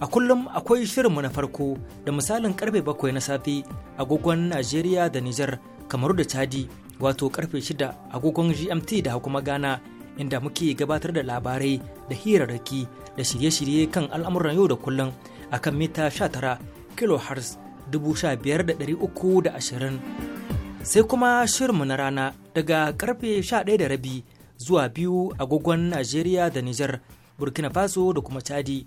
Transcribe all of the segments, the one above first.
A kullum akwai shirinmu na farko da misalin karfe bakwai na safe agogon Najeriya da Nijar kamaru da Chadi wato karfe shida agogon GMT da kuma Ghana inda muke gabatar da labarai da hirarraki da shirye-shirye kan al'amuran yau da kullum akan mita sha sha tara dubu biyar da uku da ashirin, sai kuma shirinmu na rana daga karfe 11 da rabi zuwa biyu agogon Najeriya da Nijar Burkina Faso da kuma Chadi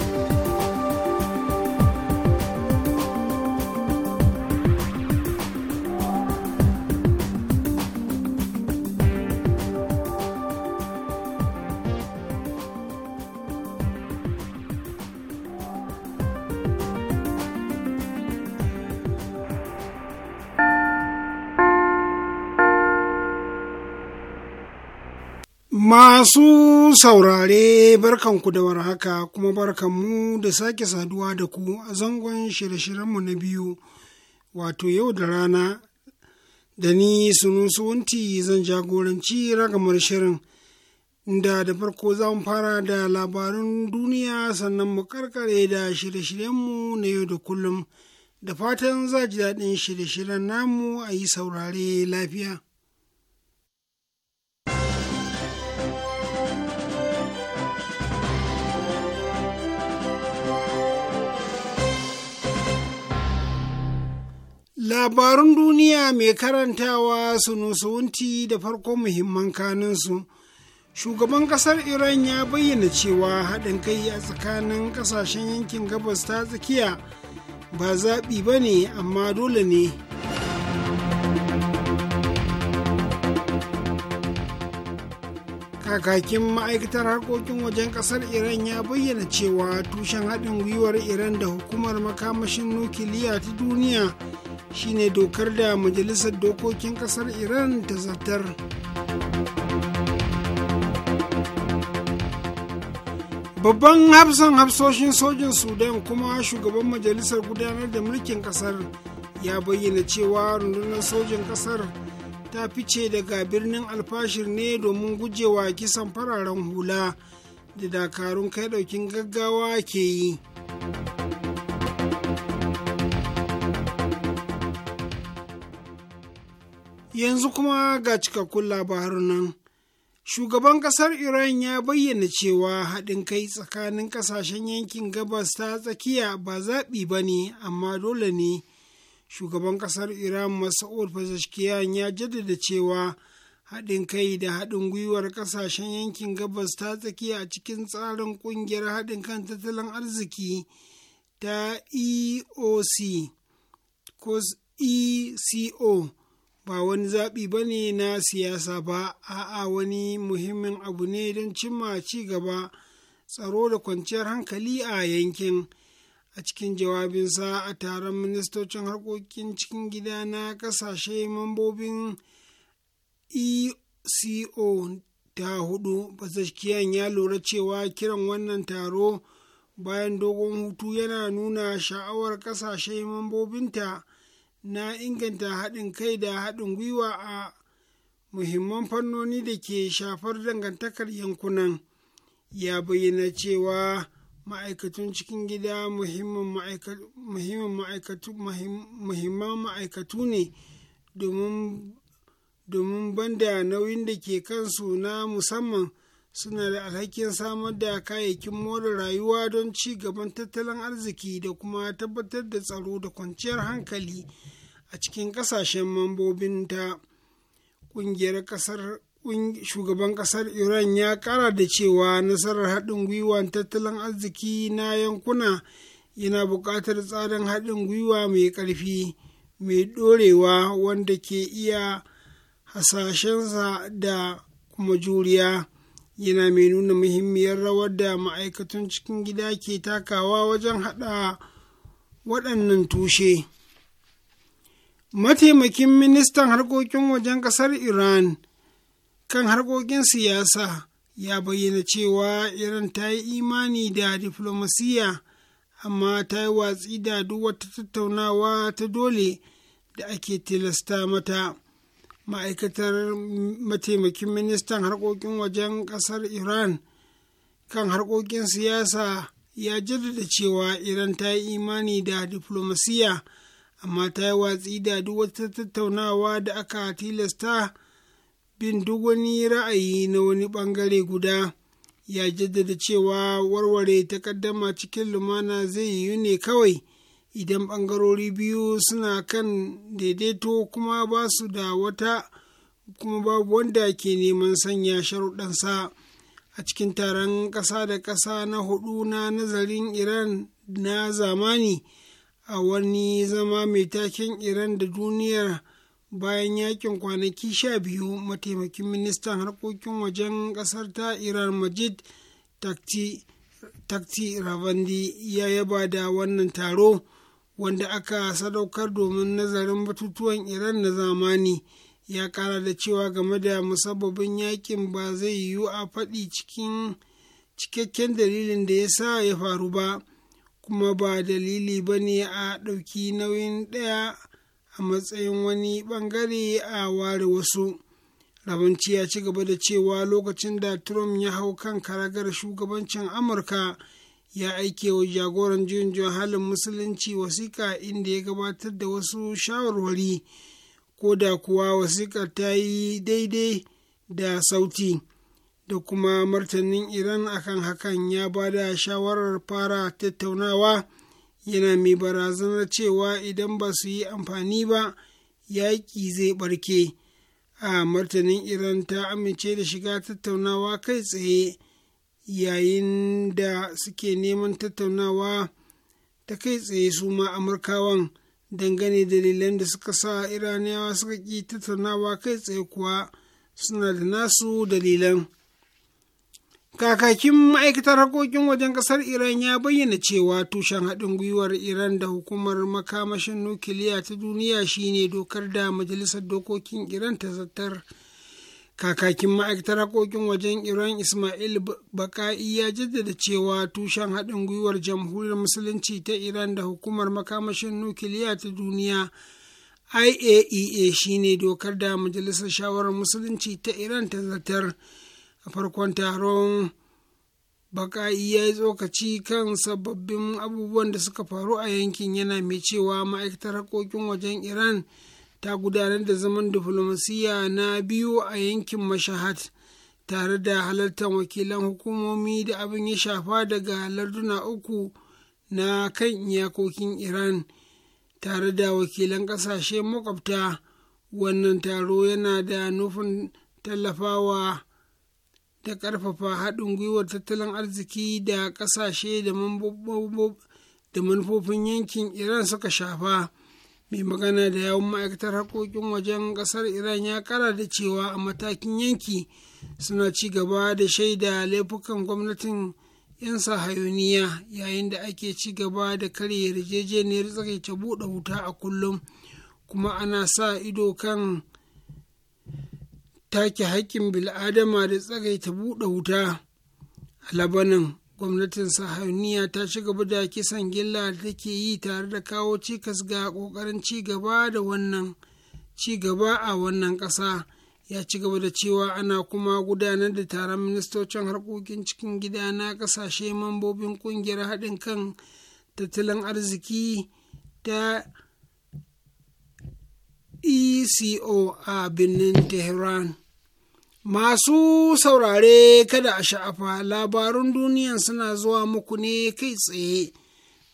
Masu saurare barkanku da warhaka kuma barkanmu da sake saduwa da ku a zangon shirye-shiryenmu na biyu wato yau da rana da ni sunusuwanti zan jagoranci ragamar shirin da da farko za mu fara da labarin duniya sannan mu karkare da shirye-shiryenmu na yau da kullum da fatan za ji daɗin shirye-shiryen namu a yi saurare lafiya. Labarun duniya mai karantawa su sunusuwunti da farko muhimman kaninsu. Shugaban ƙasar Iran ya bayyana cewa haɗin kai a tsakanin ƙasashen yankin gabas ta tsakiya ba zaɓi ba ne amma dole ne. kakakin ma'aikatar harkokin wajen ƙasar iran ya bayyana cewa tushen haɗin gwiwar iran da hukumar makamashin nukiliya ta duniya shine dokar da majalisar dokokin kasar iran ta zartar babban hafsan hafsoshin sojin sudan kuma shugaban majalisar gudanar da mulkin kasar ya bayyana cewa rundunar sojin kasar ta fice daga birnin alfashir ne domin gujewa kisan fararen hula da dakarun kai daukin gaggawa ke yi. Yanzu kuma ga cikakkun labarun nan. Shugaban ƙasar Iran ya bayyana cewa haɗin kai tsakanin ƙasashen yankin gabas ta tsakiya ba zaɓi ba ne, amma dole ne. Shugaban ƙasar Iran Masa'ud fazashkiyan ya jaddada cewa haɗin kai da haɗin gwiwar ƙasashen yankin gabas ta tsakiya a cikin tsarin ƙungiyar haɗin kan tattalin arziki ta EOC ECO. ba wani zaɓi ba ne na siyasa ba a'a wani muhimmin abu ne don cimma ci gaba tsaro da kwanciyar hankali a yankin a cikin jawabinsa a taron ministocin harkokin cikin gida na ƙasashe mambobin eco ta hudu bazashkiyan ya lura cewa kiran wannan taro bayan dogon hutu yana nuna sha'awar ƙasashe mambobinta na inganta haɗin kai da haɗin gwiwa a muhimman fannoni da ke shafar dangantakar yankunan ya bayyana cewa ma'aikatun cikin gida muhimman ma'aikatu ne domin banda nauyin da ke kansu na musamman suna da alhakin samar da kayayyakin more rayuwa don ci gaban tattalin arziki da kuma tabbatar da tsaro da kwanciyar hankali a cikin kasashen mambobin ta ƙungiyar ƙasar shugaban kasar iran ya kara da cewa nasarar haɗin gwiwa tattalin arziki na yankuna yana buƙatar tsarin haɗin gwiwa mai ƙarfi mai ɗorewa wanda ke iya hasashensa da kuma juriya yana mai nuna muhimmiyar rawar da ma'aikatan cikin gida ke takawa wajen haɗa waɗannan tushe mataimakin ministan harkokin wajen ƙasar iran kan harkokin siyasa ya bayyana cewa iran ta yi imani da diflomasiyya amma ta yi watsi da duk wata tattaunawa ta dole da ake tilasta mata ma'aikatar mataimakin ministan harkokin wajen kasar iran kan harkokin siyasa ya jaddada cewa iran ta yi imani da diflomasiya amma ta yi watsi da duk wata tattaunawa da aka tilasta bin duk wani ra'ayi na wani bangare guda ya jaddada cewa warware takaddama cikin lumana zai yiwu ne kawai idan ɓangarori biyu suna kan daidaito kuma ba su da wata kuma babu wanda ke neman sanya sharuɗansa a cikin taron ƙasa da ƙasa na hudu na nazarin iran na zamani a wani zama mai taken iran da duniyar bayan yakin kwanaki sha biyu mataimakin ministan harkokin wajen ƙasar ta iran majid takti ravandi ya yaba da wannan taro wanda aka sadaukar domin nazarin batutuwan iran na zamani ya kara da cewa game da musabbabin yakin ba zai yiwu a faɗi cikin cikakken dalilin da ya sa ya faru ba kuma ba dalili ba ne a ɗauki nauyin ɗaya a matsayin wani ɓangare a ware wasu rabanci ya ci gaba da cewa lokacin da trump ya hau kan karagar shugabancin amurka ya aike wa jagoran juyin halin musulunci wasiƙa inda ya gabatar da wasu shawarwari ko da kuwa wasiƙa ta yi daidai da sauti da kuma martanin iran akan hakan ya ba da shawarar fara tattaunawa yana mai barazanar cewa idan ba su yi amfani ba yaƙi zai ɓarke a martanin iran ta amince da shiga tattaunawa kai tsaye yayin da suke neman tattaunawa ta kai tsaye su ma amurkawan dangane dalilan da suka sa iraniyawa suka ƙi tattaunawa kai tsaye kuwa suna da nasu dalilan kakakin ma'aikatar harkokin wajen ƙasar iran ya bayyana cewa tushen haɗin gwiwar iran da hukumar makamashin nukiliya ta duniya shine dokar da majalisar dokokin iran ta zartar kakakin ma'aikatar haƙoƙin wajen iran ismail baka'i ya jaddada cewa tushen haɗin gwiwar jamhuriyar musulunci ta iran da hukumar makamashin nukiliya ta duniya iaea shine dokar da majalisar shawarar musulunci ta iran ta zartar a farkon taron baka'i ya yi tsokaci kan sababbin abubuwan da suka faru a yankin yana mai cewa ma'aikatar haƙoƙin wajen iran ta gudanar da zaman diflomasiyya na biyu a yankin mashahad tare da halartar wakilan hukumomi da abin ya shafa daga larduna uku na kan iyakokin iran tare da wakilan ƙasashe makwabta wannan taro yana da nufin tallafawa da ƙarfafa haɗin gwiwar tattalin arziki da ƙasashe da manufofin yankin iran suka shafa mai magana da yawon ma'aikatar harkokin wajen ƙasar iran ya kara da cewa a matakin yanki suna ci gaba da shaida laifukan gwamnatin 'yan sahayoniya yayin da ake ci gaba da karya yarjejeniyar tsakaita buɗe wuta a kullum kuma ana sa ido kan take haƙƙin bil'adama da tsagaita buɗe wuta a labanin gwamnatin sahauniya ta ci gaba da kisan gilla da take yi tare da kawo cikas ga ƙoƙarin ci gaba da wannan ci gaba a wannan ƙasa ya ci gaba da cewa ana kuma gudanar da taron ministocin harkokin cikin gida na ƙasashe mambobin ƙungiyar haɗin kan tattalin arziki ta eco a birnin tehran Masu saurare kada a sha'afa labarun duniyan suna zuwa muku ne kai tsaye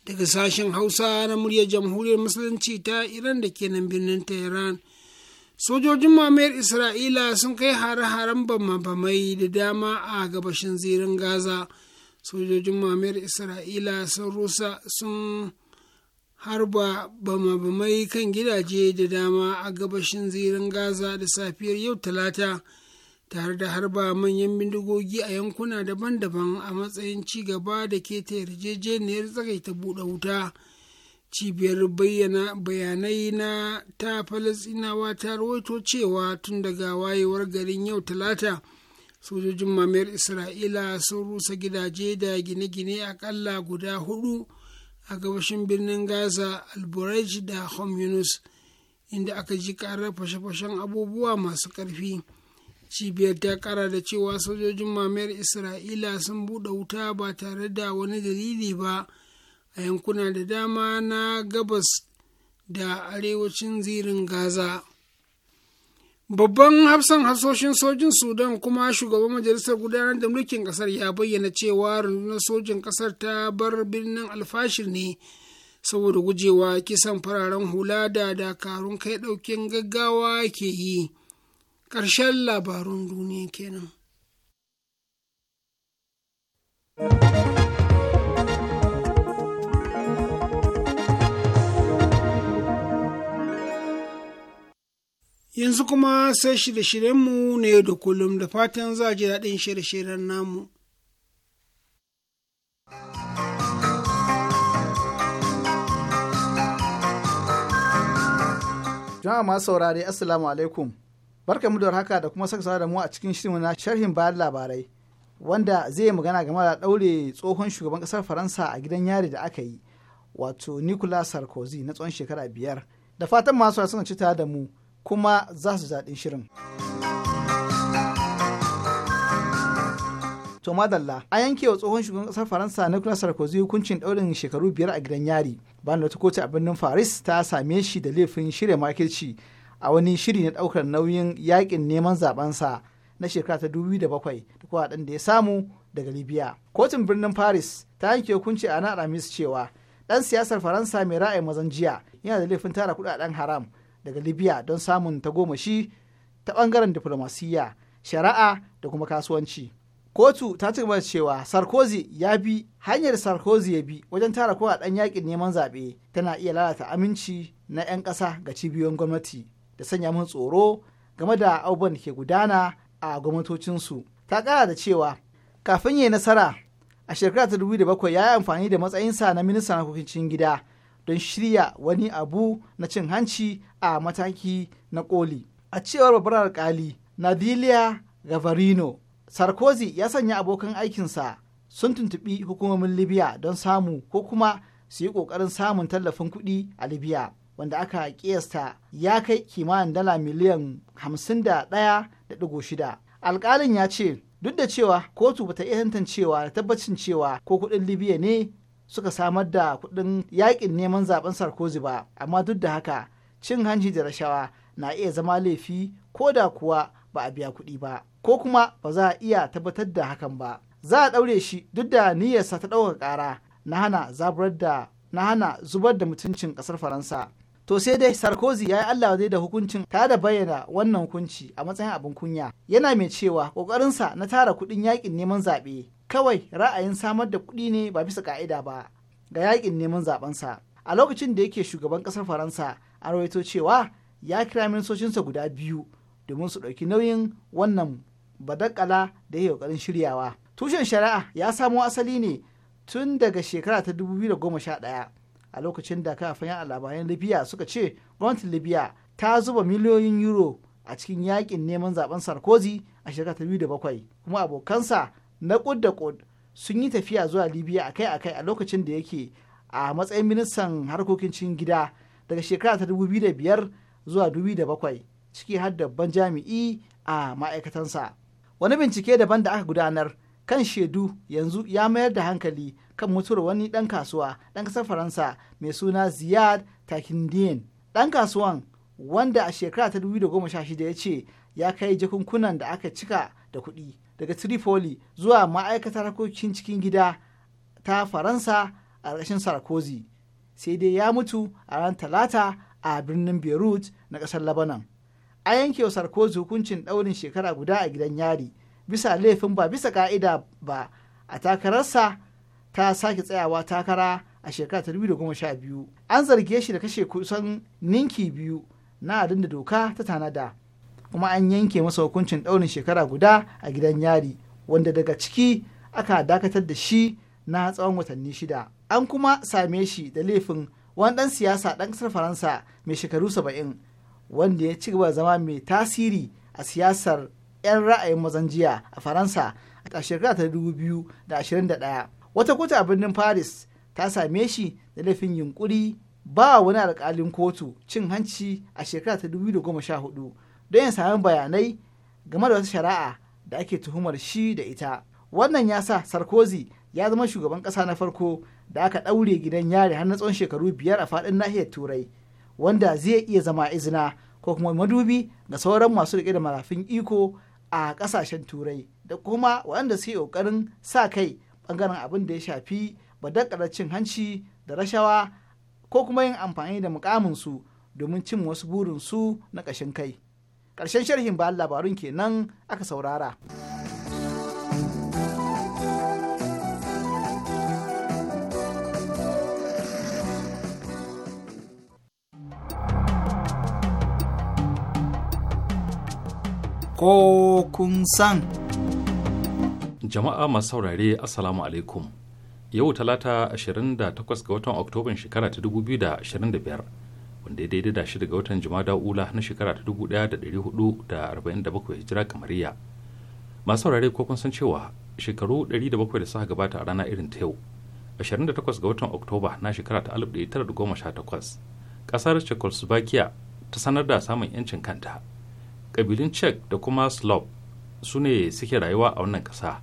daga sashen Hausa na murya Jamhuriyar Musulunci ta Iran da ke nan birnin Tehran. Sojojin mamayar Isra'ila sun kai hare-haren bama da dama a gabashin zirin Gaza. Sojojin mamayar Isra'ila sun rusa sun harba bamabamai kan gidaje da dama a gabashin zirin Gaza da safiyar yau Talata. tare da harba manyan bindigogi a yankuna daban-daban a matsayin ci gaba da ta yarjejeniyar tsagaita buɗe wuta cibiyar bayyana bayanai na ta falasinawa ta rawaito cewa tun daga wayewar garin yau talata sojojin mamayar isra'ila sun rusa gidaje da gine-gine akalla guda hudu a gabashin birnin gaza alburaj da homunus inda aka ji karar fashe-fashen abubuwa masu ƙarfi. cibiyar ta kara da cewa sojojin mamayar isra'ila sun buɗe wuta ba tare da wani dalili ba a yankuna da dama na gabas da arewacin zirin gaza babban hafsan hasoshin sojin sudan kuma shugaban majalisar gudanar da mulkin kasar ya bayyana cewa rundunar sojin kasar ta bar birnin alfashir ne saboda gujewa kisan fararen hula da dakarun kai ɗaukin gaggawa ke yi ƙarshen labarun duniya kenan. Yanzu kuma sai shirye-shiryenmu ne da kullum da fatan za ji daɗin shirye-shiryen namu. Jama'a saurari saurare, Assalamu alaikum. barka mu da haka da kuma saka da mu a cikin shirin na sharhin bayan labarai wanda zai yi magana game da daure tsohon shugaban kasar faransa a gidan yari da aka yi wato nicolas sarkozy na tsawon shekara biyar da fatan masu suna ci tare da mu kuma za su zaɗin shirin. to madalla a yankewa tsohon shugaban kasar faransa nicolas sarkozy hukuncin ɗaurin shekaru biyar a gidan yari bayan da ta kotu a birnin faris ta same shi da laifin shirya makirci a wani shiri na ɗaukar nauyin yakin neman zabensa na shekara ta 2007 da bakwai ɗan da ya samu daga libya kotun birnin paris ta yanke hukunci a nan alhamis cewa ɗan siyasar faransa mai ra'ayin mazan jiya yana da laifin tara kuɗaɗen haram daga libya don samun ta tagomashi ta ɓangaren diflomasiyya shari'a da kuma kasuwanci kotu ta ci gaba da cewa sarkozy ya bi hanyar sarkozy ya bi wajen tara kuɗaɗen yakin neman zaɓe tana iya lalata aminci na 'yan ƙasa ga cibiyoyin gwamnati da sanya mun tsoro game da abubuwan da ke gudana a gwamnatocinsu ta kara da cewa kafin ya yi nasara a shekara ta dubu da ya yi amfani da matsayinsa na ministan harkokin gida don shirya wani abu na cin hanci a mataki na koli a cewar babbar alkali nadilia gavarino sarkozy ya sanya abokan aikinsa sun tuntuɓi hukumomin libya don samu ko kuma su yi ƙoƙarin samun tallafin kuɗi a libya wanda aka kiyasta ya kai kimanin dala miliyan hamsin da da shida. alkalin ya ce duk da cewa kotu bata iya tantancewa da tabbacin cewa ko kudin libya ne suka samar da kudin yakin neman zaben sarkozy ba amma duk da haka cin hanci da rashawa na iya zama laifi ko da kuwa ba a biya kuɗi ba ko kuma ba za a iya tabbatar da hakan ba za a ɗaure shi duk da niyyarsa ta ɗaukar kara na hana na hana zubar da mutuncin ƙasar faransa to sai dai sarkozy ya yi allah zai da hukuncin ta da bayyana wannan hukunci a matsayin abin kunya yana mai cewa kokarinsa na tara kuɗin yakin neman zaɓe kawai ra'ayin samar da kuɗi ne ba bisa ka'ida ba ga yakin neman zaɓensa a lokacin da yake shugaban ƙasar faransa an rawaito cewa ya kira ministocinsa guda biyu domin su ɗauki nauyin wannan badakala da yake ƙoƙarin shiryawa tushen shari'a ya samo asali ne tun daga shekara ta 2011 a lokacin da kafin yan labaran libya suka ce gwamnatin libya ta zuba miliyoyin euro a cikin yakin neman zaben sarkozy a shekara ta kuma abokansa na kud da kud sun yi tafiya zuwa libya akai-akai a lokacin da yake a matsayin ministan harkokin cikin gida daga shekara ta dubu biyu da biyar zuwa dubu bakwai ciki har da ban jami'i a ma'aikatansa wani bincike daban da aka gudanar kan shaidu yanzu ya mayar da hankali kan mutuwar wani ɗan kasuwa ɗan ƙasar faransa mai suna ziyad takindiyen ɗan kasuwan wanda a shekara ta 2016 ya ce ya kai jakunkunan da aka cika da kuɗi daga tripoli zuwa ma'aikatar harkokin cikin gida ta faransa a ƙarshen sarkozy sai dai ya mutu a ran talata a birnin beirut na ƙasar labanan a wa sarkozy hukuncin ɗaurin shekara guda a gidan yari bisa laifin ba bisa ka'ida ba a takararsa ta sake tsayawa takara a shekara ta biyu. an zarge shi da kashe kusan ninki biyu na adin da doka ta tanada kuma an yanke masa hukuncin daunin shekara guda a gidan yari wanda daga ciki aka dakatar da shi na tsawon watanni shida an kuma same shi da laifin wani ɗan siyasa ɗan ƙasar faransa mai shekaru saba'in wanda ya ci gaba zama mai tasiri a siyasar 'yan ra'ayin mazan jiya a faransa a shekara ta 2021 wata kotu a birnin paris ta same shi da laifin yunkuri ba wani alkalin kotu cin hanci a shekara ta 2014 don ya sami bayanai game da wata shari'a da ake tuhumar shi da ita wannan ya sa sarkozy ya zama shugaban ƙasa na farko da aka ɗaure gidan yari har na tsawon shekaru biyar a faɗin nahiyar turai wanda zai iya zama izina ko kuma madubi ga sauran masu riƙe da marafin iko a kasashen turai da kuma waɗanda su yi ƙoƙarin sa kai ɓangaren abin da ya shafi badakarar cin hanci da rashawa ko kuma yin amfani da mukaminsu domin cin wasu burinsu na ƙashin kai. Ƙarshen sharhin ba labarun kenan aka saurara. ko kun san. Jama'a masu saurare Assalamu alaikum. Yau talata 28 ga watan Oktoban shekara ta 2025 wanda ya daidai da shi daga watan Jumada Ula na shekara ta 1447 hijira kamariya. Masu saurare ko kun san cewa shekaru 107 da suka gabata a rana irin ta yau 28 ga watan Oktoba na shekara ta 1918 ƙasar Czechoslovakia ta sanar da samun 'yancin kanta kabilun czech da kuma slav su ne suke rayuwa a wannan kasa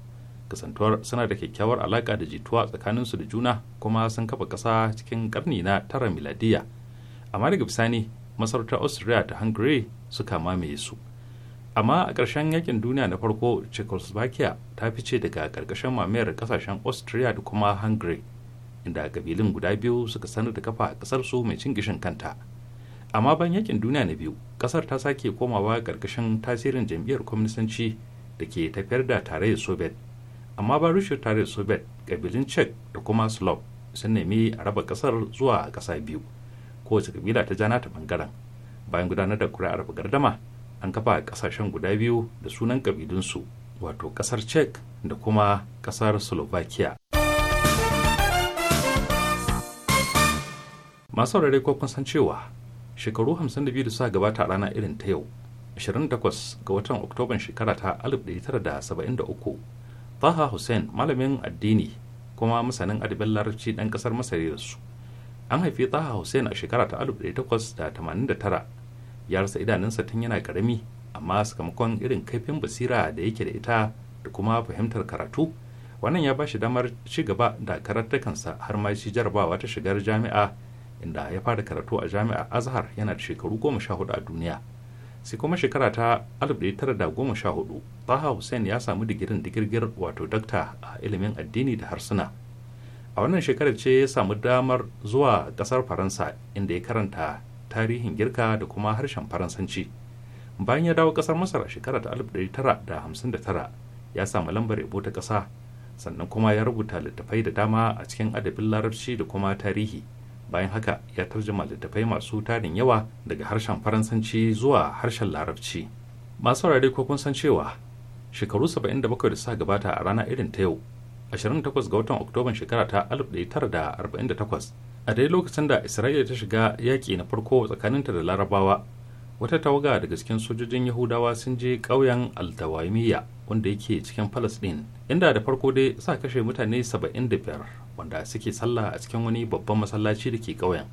kasantuwar suna da kyakkyawar alaƙa da jituwa su da juna kuma sun kafa kasa cikin karni na tara miladiya amma daga bisani masarautar austria ta hungary suka mamaye su amma a ƙarshen yakin duniya na farko czechoslovakia ta fice daga ƙarƙashin mamayar ƙasashen austria da kuma hungary inda kabilun guda biyu suka sanar da kafa ƙasarsu mai cin gishin kanta amma ban yakin duniya na biyu kasar ta sake komawa karkashin tasirin jam'iyyar kwamnisanci da ke tafiyar da tarayyar soviet amma ba rushe tarayyar soviet ƙabilun czech da kuma slav sun nemi a raba kasar zuwa ƙasa biyu kowace kabila ta jana ta bangaren bayan gudanar da kuri'ar gardama an kafa kasashen guda biyu da sunan kabilunsu wato kasar czech da kuma kasar slovakia masu rarrai kun san cewa shekaru 52 da suka gabata a rana irin ta yau 28 ga watan oktoban shekara ta 1973 taha hussein malamin addini kuma masanin adabin larabci dan ƙasar masar ya su an haifi taha hussein a shekara ta 1889 ya rasa idanunsa tun yana karami amma sakamakon irin kaifin basira da yake da ita da kuma fahimtar karatu wannan ya ba shi damar ci gaba da karatakansa har ma shi jarabawa ta shigar jami'a inda ya fara karatu a jami'ar azhar yana da shekaru goma sha hudu a duniya sai kuma shekara ta 1914 taha hussein ya samu digirin digirgir wato dakta a ilimin addini da harsuna a wannan shekarar ce ya samu damar zuwa kasar faransa inda ya karanta tarihin girka da kuma harshen faransanci bayan ya dawo kasar masar a shekara ta 1959 ya samu lambar yabo ta kasa sannan kuma ya rubuta littattafai da dama a cikin adabin larabci da kuma tarihi bayan haka ya tarjama littattafai masu tarin yawa daga harshen faransanci zuwa harshen larabci masu rari ko kun san cewa shekaru 77 da suka gabata a rana irin ta yau 28 ga watan oktoban shekara ta 1948 a dai lokacin da isra'ila ta shiga yaƙi na farko tsakaninta da larabawa wata tawaga daga cikin sojojin yahudawa sun je ƙauyen aldawamiya wanda yake cikin palestine inda da farko dai sa kashe mutane 75 wanda suke sallah a cikin wani babban masallaci da ke ƙauyen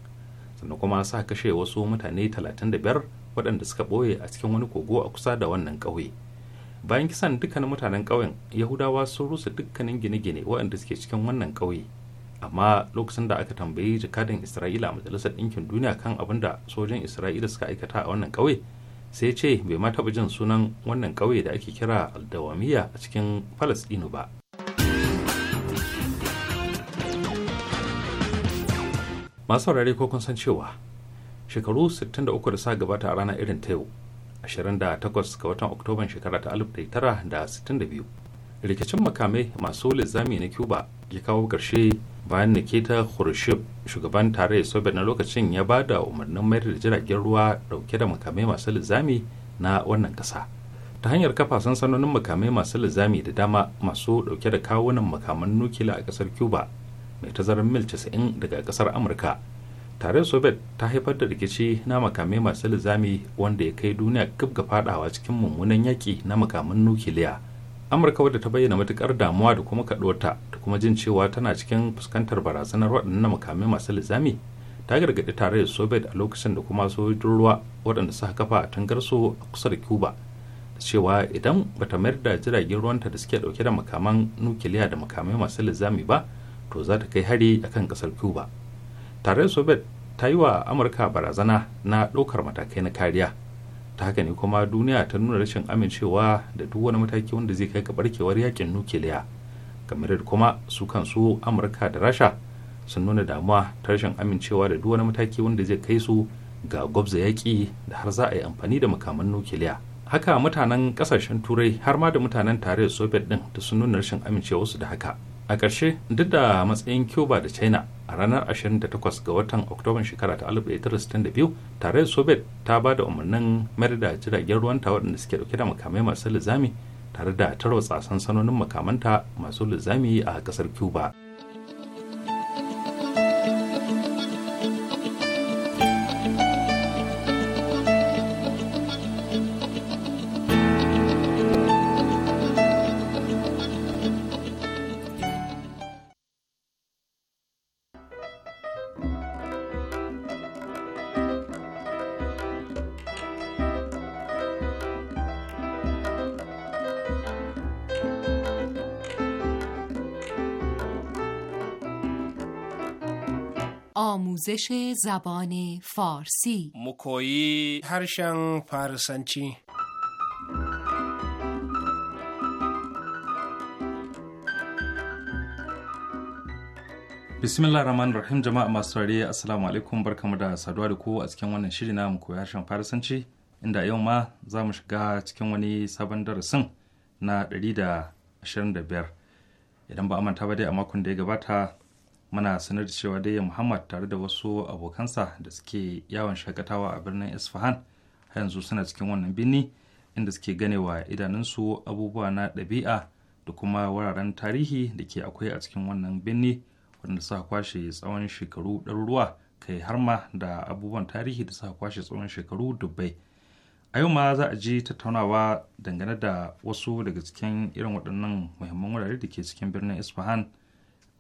sannan kuma sa kashe wasu mutane 35 waɗanda suka ɓoye a cikin wani kogo a kusa da wannan ƙauye bayan kisan dukkanin mutanen ƙauyen yahudawa sun rusa dukkanin gine-gine waɗanda suke cikin wannan ƙauye amma lokacin da aka tambayi jakadan isra'ila a majalisar ɗinkin duniya kan abin da sojin isra'ila suka aikata a wannan ƙauye sai ce bai ma taɓa jin sunan wannan ƙauye da ake kira aldawamiya a cikin falasɗinu ba masu saurare ko kun san cewa shekaru 63 da sa gabata a ranar irin ta yau 28 ga watan oktoban shekara ta 1962 rikicin makamai masu lizami na cuba ya kawo ƙarshe bayan nikita khrushchev shugaban tarayyar soviet na lokacin ya ba da umarnin mayar da jiragen ruwa dauke da makamai masu lizami na wannan ƙasa ta hanyar kafa sansanonin makamai masu lizami da dama masu dauke da kawunan makaman nukila a ƙasar cuba mai tazarar mil 90 daga kasar amurka tare soviet ta haifar da rikici na makamai masu lizami wanda ya kai duniya gab ga fadawa cikin mummunan yaki na makaman nukiliya amurka wadda ta bayyana matukar damuwa da kuma kaɗuwarta da kuma jin cewa tana cikin fuskantar barazanar waɗannan makamai masu lizami ta gargaɗi da soviet a lokacin da kuma sojojin ruwa waɗanda suka kafa a tangarsu a kusa da cuba da cewa idan bata mayar da jiragen ruwanta da suke ɗauke da makaman nukiliya da makamai masu lizami ba to za ta kai hari a kan ƙasar cuba tare soviet ta yi wa amurka barazana na ɗaukar matakai na kariya ta haka ne kuma duniya ta nuna rashin amincewa da duk wani mataki wanda zai kai ka barkewar yakin nukiliya kamar da kuma su kansu amurka da rasha sun nuna damuwa ta rashin amincewa da duk wani mataki wanda zai kai su ga gwabza yaƙi da har za a yi amfani da makaman nukiliya haka mutanen kasashen turai har ma da mutanen tarayyar soviet din da sun nuna rashin amincewa su da haka a ƙarshe duk da matsayin cuba da china a ranar 28 ga watan oktoban shekara ta 1962 tare da soviet ta ba da umarnin mayar da jiragen ruwanta waɗanda suke ɗauke da makamai masu lizami tare da tarwatsa sansanonin makamanta masu lizami a ƙasar cuba آموزش zaboni فارسی مکویی هرشن فارسنچی bismillah rahman rahim jama'a masu saurare assalamu alaikum barkamu da saduwa da ku a cikin wannan shiri na koyi harshen farisanci inda yau ma za mu shiga cikin wani sabon darasin na 125 idan ba a manta ba dai a makon da ya gabata muna sanar da cewa dai muhammad tare da wasu abokansa da suke yawon shakatawa a birnin isfahan yanzu suna cikin wannan birni inda suke ganewa idanunsu abubuwa na ɗabi'a da kuma wuraren tarihi da ke akwai a cikin wannan birni wanda suka kwashe tsawon shekaru ɗaruruwa kai har ma da abubuwan tarihi da suka kwashe tsawon shekaru dubbai a yau ma za a ji tattaunawa dangane da wasu daga cikin irin waɗannan muhimman wurare da ke cikin birnin isfahan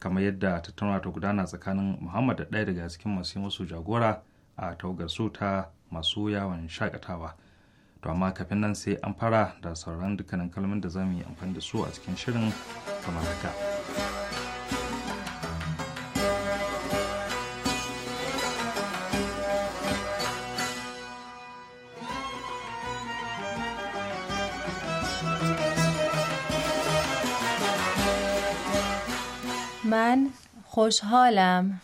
kamar yadda tattauna ta gudana tsakanin muhammad da ɗaya daga cikin masu masu jagora a taugar su ta masu yawon shakatawa to amma kafin nan sai an fara da sauran dukkanin kalmomin da za mu yi amfani da su a cikin shirin kamar haka. من خوشحالم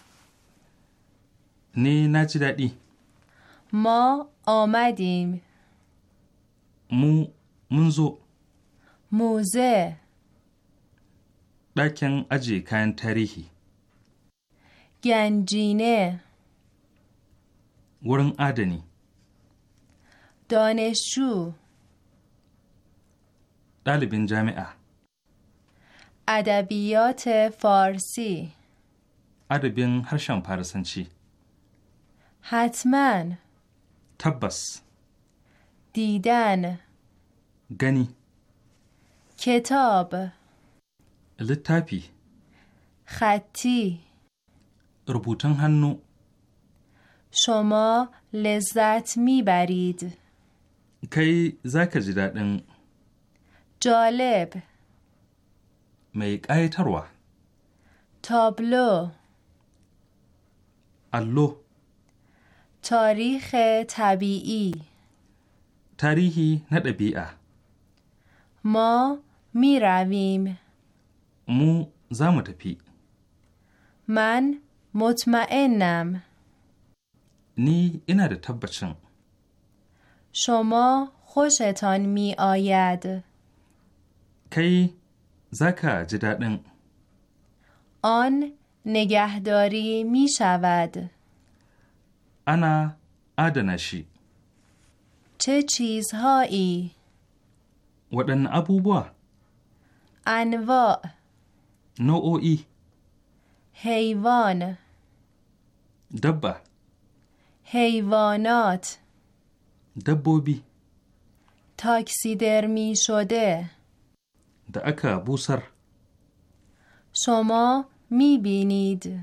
نی نجددی ما آمدیم مو منزو موزه بکن اجی کن تاریخی گنجینه ورن آدنی دانشجو طالب جمعه ادبیات فارسی ادبین هرشن پارسنچی حتما تبس دیدن گنی کتاب لطفی خطی ربوتن هنو شما لذت میبرید کی زکجی جدادن جالب می قایتروا تابلو اللو تاریخ طبیعی تاریخی نه طبیعه ما می رویم مو زمو من مطمئنم نی اینا ده تبچن شما خوشتان می آید کی زکا جدادن آن نگهداری می شود. انا آدنشی. چه چیزهایی؟ ودن ابوبوا. انواع. نوعی. حیوان. دبه. حیوانات. دبوبی. می شده. da aka busar. Soma mi binid.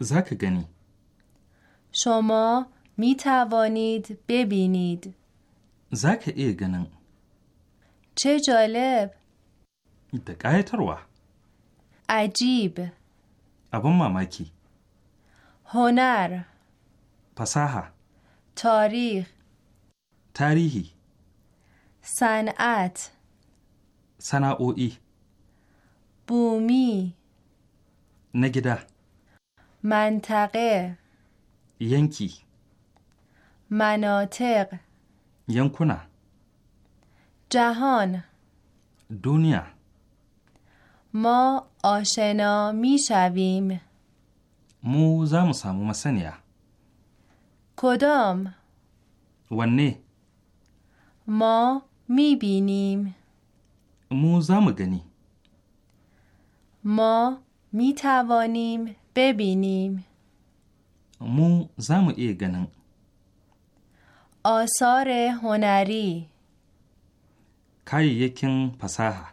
Za ka gani. Soma mi tawonid bebinid. Za ka iya ganin. Ce Da ƙayatarwa. Ajib. Abin mamaki. Honar. Fasaha. Tarih. Tarihi. San'at. سناؤی بومی نگده منطقه ینکی مناطق ینکونه جهان دنیا ما آشنا می شویم مو زمو سامو کدام ونه ما می بینیم مو زم گنی ما می توانیم ببینیم مو زم ای گنن آثار هنری یکن فساحه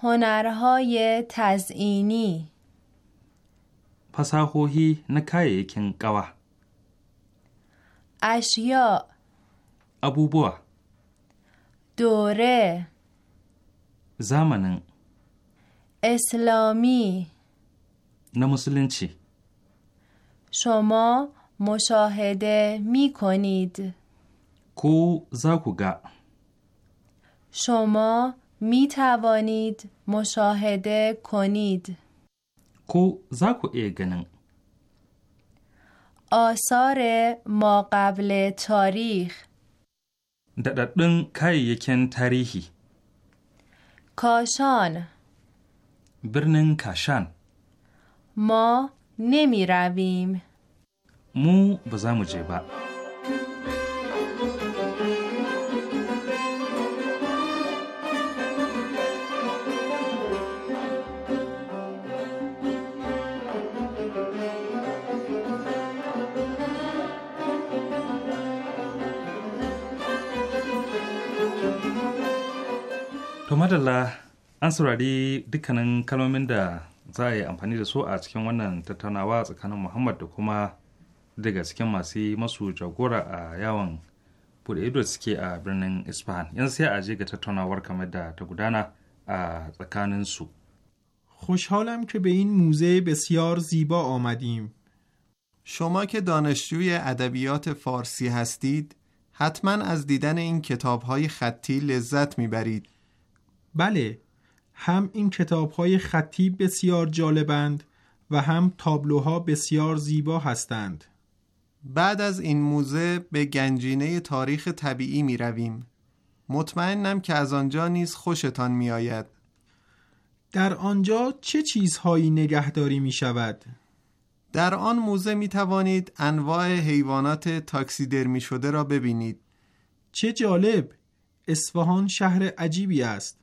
هنرهای تزئینی فساحوهی نه کاییکن قوا اشیا ابوبوا دوره زمانن اسلامی نه چی شما مشاهده می کنید کو زاکوگا شما می توانید مشاهده کنید کو زاکو آثار ما قبل تاریخ دادن کاییکن تاریخی کاشان برنن کاشان ما نمی رویم مو بزامو جیبا madalla an saurari dukkanin kalmomin da za a yi amfani da su a cikin wannan tattaunawa tsakanin muhammad da kuma daga cikin masu masu jagora a yawon bude ido suke a birnin isfahan yanzu sai a je ga tattaunawar kamar da ta gudana a tsakanin su خوشحالم که به این موزه بسیار زیبا آمدیم. شما که دانشجوی ادبیات فارسی هستید، حتما از دیدن این کتابهای خطی لذت میبرید. بله هم این کتاب خطی بسیار جالبند و هم تابلوها بسیار زیبا هستند بعد از این موزه به گنجینه تاریخ طبیعی می رویم مطمئنم که از آنجا نیز خوشتان می آید در آنجا چه چیزهایی نگهداری می شود؟ در آن موزه می توانید انواع حیوانات تاکسیدرمی شده را ببینید چه جالب! اصفهان شهر عجیبی است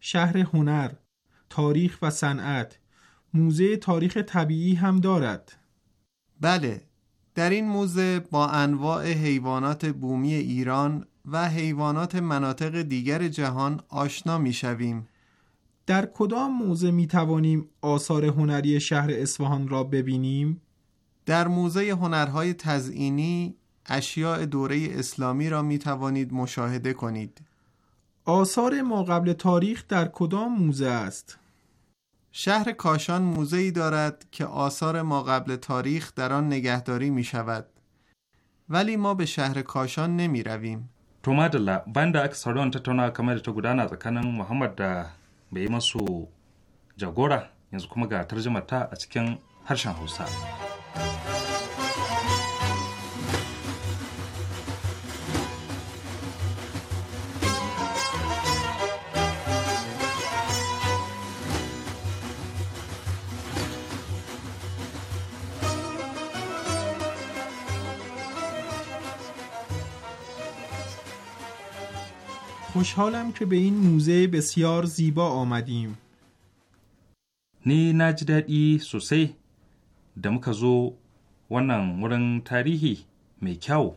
شهر هنر، تاریخ و صنعت، موزه تاریخ طبیعی هم دارد. بله، در این موزه با انواع حیوانات بومی ایران و حیوانات مناطق دیگر جهان آشنا می شویم. در کدام موزه می توانیم آثار هنری شهر اصفهان را ببینیم؟ در موزه هنرهای تزئینی اشیاء دوره اسلامی را می توانید مشاهده کنید. آثار ما قبل تاریخ در کدام موزه است؟ شهر کاشان موزه ای دارد که آثار ما قبل تاریخ در آن نگهداری می شود. ولی ما به شهر کاشان نمی رویم. تو مدلا بند اکسارون تتونا کمیر تو گدانا زکنن محمد دا به ایماسو جاگورا یزو یعنی کمگا ترجمه تا از کن هرشان حوصا. خوشحالم که به این موزه بسیار زیبا آمدیم نی ای سوسی دمکزو ونن ورن تاریخی wurin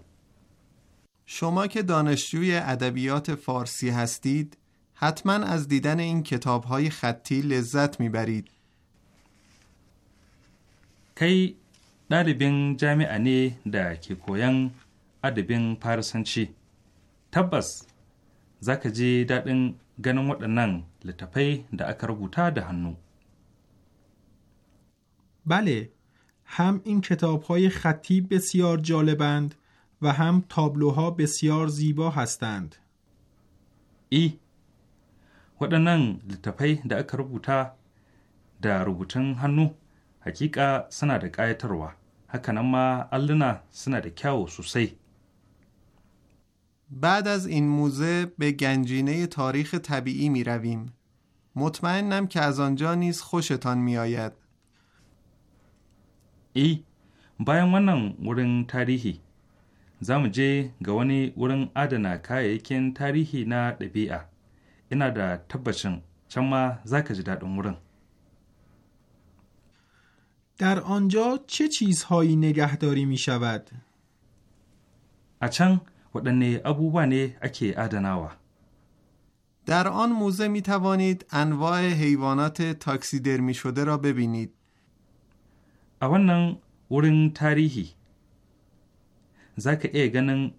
شما که دانشجوی ادبیات فارسی هستید حتما از دیدن این کتاب های خطی لذت میبرید. کی دالبین جامعه نی دا کی کویان ادبین پارسنچی تبس za ka ji daɗin ganin waɗannan littattafai da aka rubuta da hannu. بله هم این کتاب khati خطی بسیار جالبند و هم تابلوها بسیار زیبا هستند ای waɗannan littattafai da aka rubuta da rubutun hannu hakika suna da ƙayatarwa hakanan ma alluna suna da kyawu sosai بعد از این موزه به گنجینه تاریخ طبیعی می رویم. مطمئنم که از آنجا نیز خوشتان می آید. ای بای منم ورن تاریخی زم جه گوانی ورن ادنا که ایکن تاریخی نا دبیع اینا دا تبشن چما زک جداد ورن در آنجا چه چیزهایی نگهداری می شود؟ اچنگ waɗanne abubuwa ne ake adanawa در آن موزه می توانید انواع حیوانات تاکسیدرمی شده را ببینید. اوانن ورن تاریخی زاک ای گنن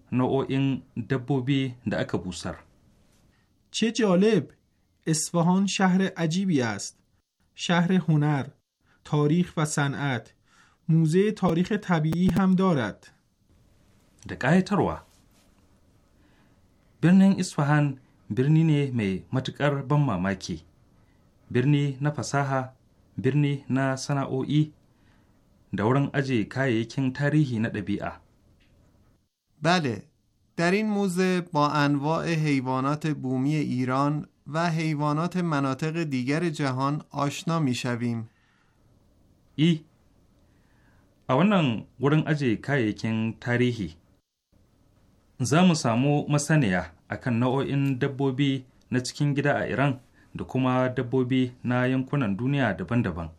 این دبوبی دا اکا بوسر. چه جالب! اصفهان شهر عجیبی است. شهر هنر، تاریخ و صنعت. موزه تاریخ طبیعی هم دارد. دقایق تروه birnin isfahan birni ne mai matuƙar ban mamaki birni na fasaha birni na sana'o'i da wurin aje kayayyakin tarihi na ɗabi'a. Bale, در این موزه با انواع حیوانات بومی ایران و حیوانات مناطق دیگر جهان آشنا می شویم. ای a wannan wurin aje kayayyakin tarihi za mu samu masaniya akan nau'o'in dabbobi na cikin gida a Iran da kuma dabbobi na yankunan duniya daban-daban.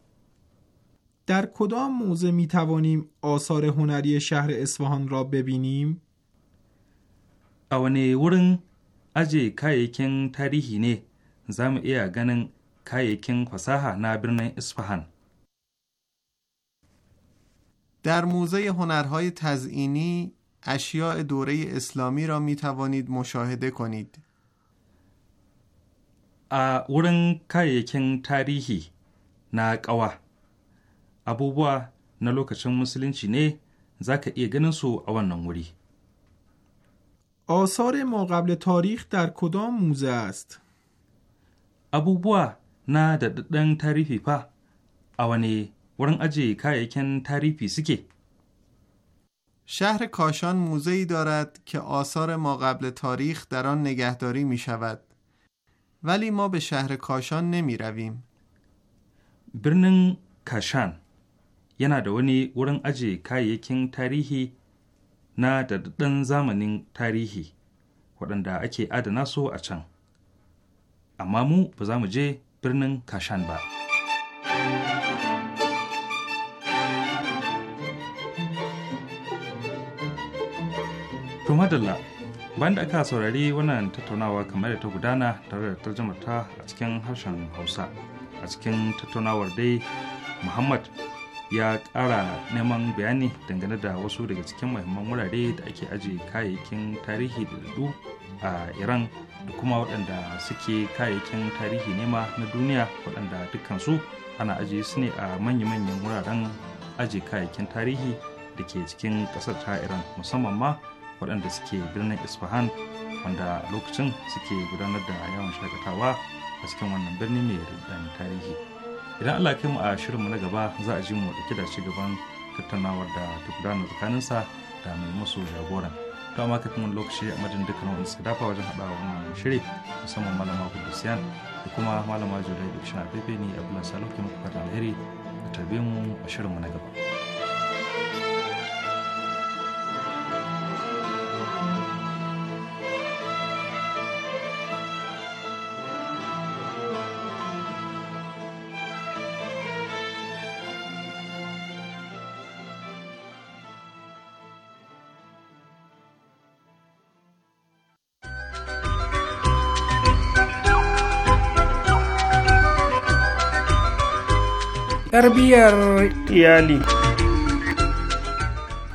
در کدام موزه می توانیم آثار shahar شهر ra را ببینیم؟ a wani wurin aje kayayyakin tarihi ne za mu iya ganin kayayyakin fasaha na birnin isfahan در موزه هنرهای تزئینی اشیاء دوره اسلامی را می توانید مشاهده کنید. ا اورن کایکن تاریخی نا قوا ابو بوا نا لوکاشن چینه. نه زکا ای گنن سو ا ونن وری. آثار ما قبل تاریخ در کدام موزه است؟ ابو بوا نا دد دنگ تاریخی پا ا ونی ورن اجی کایکن تاریخی سکی شهر کاشان ای دارد که آثار ما قبل تاریخ در آن نگهداری می شود ولی ما به شهر کاشان نمی رویم برنن کاشان yana da wani اجی aje kayayyakin tarihi na daɗaɗɗen zamanin tarihi waɗanda ake ادنا سو a can amma mu za mu je To madalla, bayan da aka saurari wannan tattaunawa kamar da ta gudana tare da tarjumar ta a cikin harshen Hausa. A cikin tattaunawar dai Muhammad ya kara neman bayani dangane da wasu daga cikin muhimman wurare da ake ajiye kayayyakin tarihi da dadu a Iran da kuma waɗanda suke kayayyakin tarihi nema na duniya waɗanda dukkansu ana ajiye su ne a manya-manyan wuraren ajiye kayayyakin tarihi da ke cikin ƙasar ta Iran musamman ma waɗanda suke birnin isfahan wanda lokacin suke gudanar da yawon shakatawa a cikin wannan birni mai dan tarihi idan allah kai mu a shirinmu na gaba za a ji mu ɗauke da gaban tattaunawar da ta gudana tsakaninsa da mai musu jagoran to amma kafin wani lokaci a madin dukkan wani suka dafa wajen haɗa wannan shiri musamman malama kudusiyan da kuma malama julai da shina fefe ne abdullahi salo ke muku fata alheri a tarbe mu a shirinmu na gaba. tarbiyyar iyali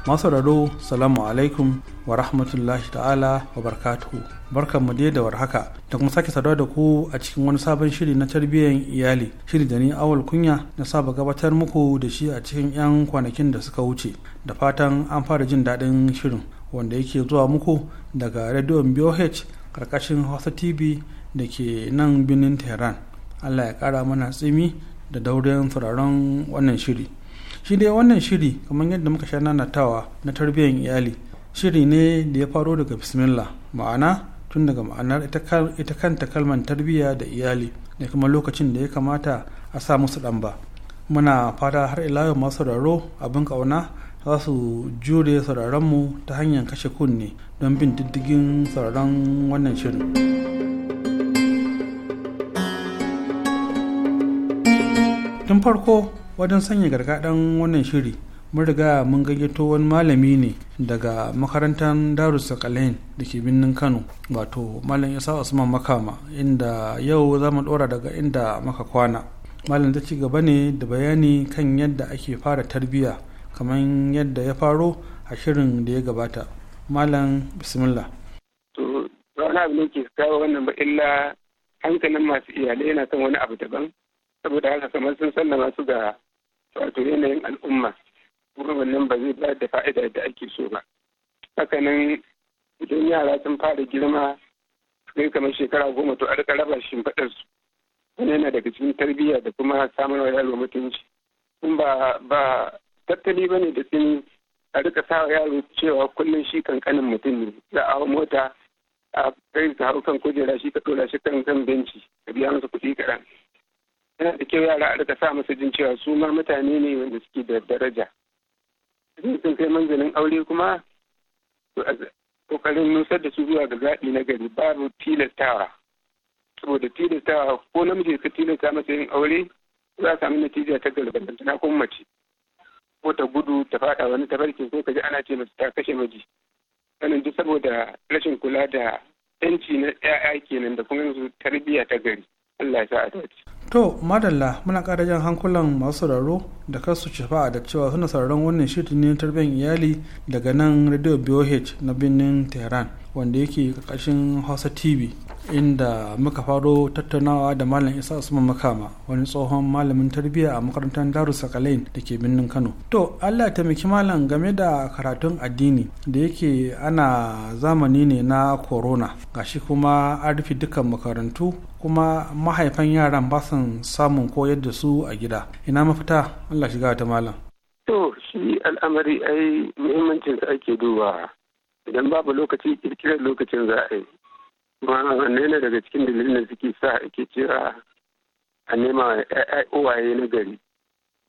Masu raro, salamu alaikum wa rahmatullahi ta'ala wa barkatuhu barkan mu da warhaka da kuma sake saduwa da ku a cikin wani sabon shiri na tarbiyyar iyali shiri da ni awal kunya na saba gabatar muku da shi a cikin 'yan kwanakin da suka wuce da fatan an fara jin daɗin shirin wanda yake zuwa muku daga rediyon BOH karkashin Hausa TV da ke nan birnin Tehran Allah ya ƙara mana tsimi da daurin fararen wannan shiri shi dai wannan shiri kamar yadda muka sha nanatawa na tarbiyyar iyali shiri ne da ya faro daga bismillah ma'ana tun daga ma'anar ita kanta kalmar tarbiyya da iyali da kuma lokacin da ya kamata a sa musu ɗan ba muna fata har ila yau masu sauraro abin kauna za su jure sauraronmu ta hanyar kashe kunne don bin diddigin sauraron wannan shirin. tun farko wajen sanya gargaɗin wannan shiri mun riga mun gayyato wani malami ne daga makarantar darus sakalain da ke birnin kano wato malam isa usman makama inda yau za mu ɗora daga inda maka kwana malam ta ci gaba ne da bayani kan yadda ake fara tarbiyya kamar yadda ya faro a shirin da ya gabata malam bismillah to wani abu ne ke kawo wannan ba illa hankalin masu iyalai yana kan wani abu daban saboda haka kamar sun sallama su ga wato yanayin al'umma kuma wannan ba zai ba da fa'ida da ake so ba nan idan yara sun fara girma kai kamar shekara goma to a rika raba shimfiɗar su wani yana daga cikin tarbiyya da kuma samun wa yaro mutunci in ba ba tattali ba ne da sun a rika sa wa yaro cewa kullum shi kankanin mutum ne za a hau mota a kai ka hau kan kujera shi ka ɗora shi kan kan benci ka biya masa kuɗi kaɗan yana da kyau yara a rika sa masa jin cewa su ma mutane ne wanda suke da daraja sun kai manzanin aure kuma kokarin nusar da su zuwa ga zaɓi na gari babu tilastawa saboda tilastawa ko namiji ka tilasta masa yin aure za a sami natija ta galbantana ko mace ko ta gudu ta faɗa wani tafarki ko ka ji ana ce mace ta kashe miji sanin duk saboda rashin kula da yanci na 'ya'ya kenan da kuma yanzu tarbiyya ta gari Allah ya sa a dace to madalla muna ƙara jan hankulan masu sauraro da kasu shafa'a da cewa suna sauraron wannan shirin ne tarbiyyar iyali daga nan radio boh na birnin tehran wanda yake ƙarƙashin hausa tv inda muka faro tattaunawa da malam isa usman makama wani tsohon malamin tarbiyya a makarantar kalain da ke birnin kano to allah taimaki malam game da karatun addini da yake ana zamani ne na corona gashi kuma an rufe dukkan makarantu kuma mahaifan yaran ba samun koyar da su a gida ina mafita allah shiga ta malam to shi al'amari ai muhimmancinsa ake duba idan babu lokaci kirkirar lokacin za a yi wanne ne daga cikin dalilin da suke sa ake cewa a nema uwaye na gari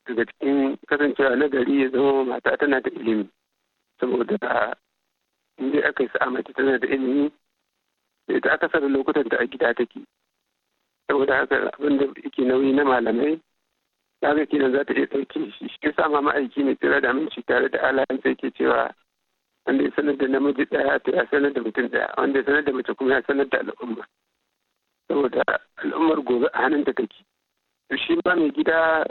daga cikin kasancewa na gari ya zama mata tana da ilimi saboda inda aka yi sa'a mace tana da ilimi ita sani lokutan ta a gida take saboda haka abin da yake nauyi na malamai ga kenan za ta iya ɗauke shi shi sa ma ma'aiki mai tsira da aminci tare da alayen sai ke cewa wanda ya sanar da namiji ɗaya to ya sanar da mutum ɗaya wanda ya sanar da mace kuma ya sanar da al'umma saboda al'ummar gobe a hannun ta take to shi ba mai gida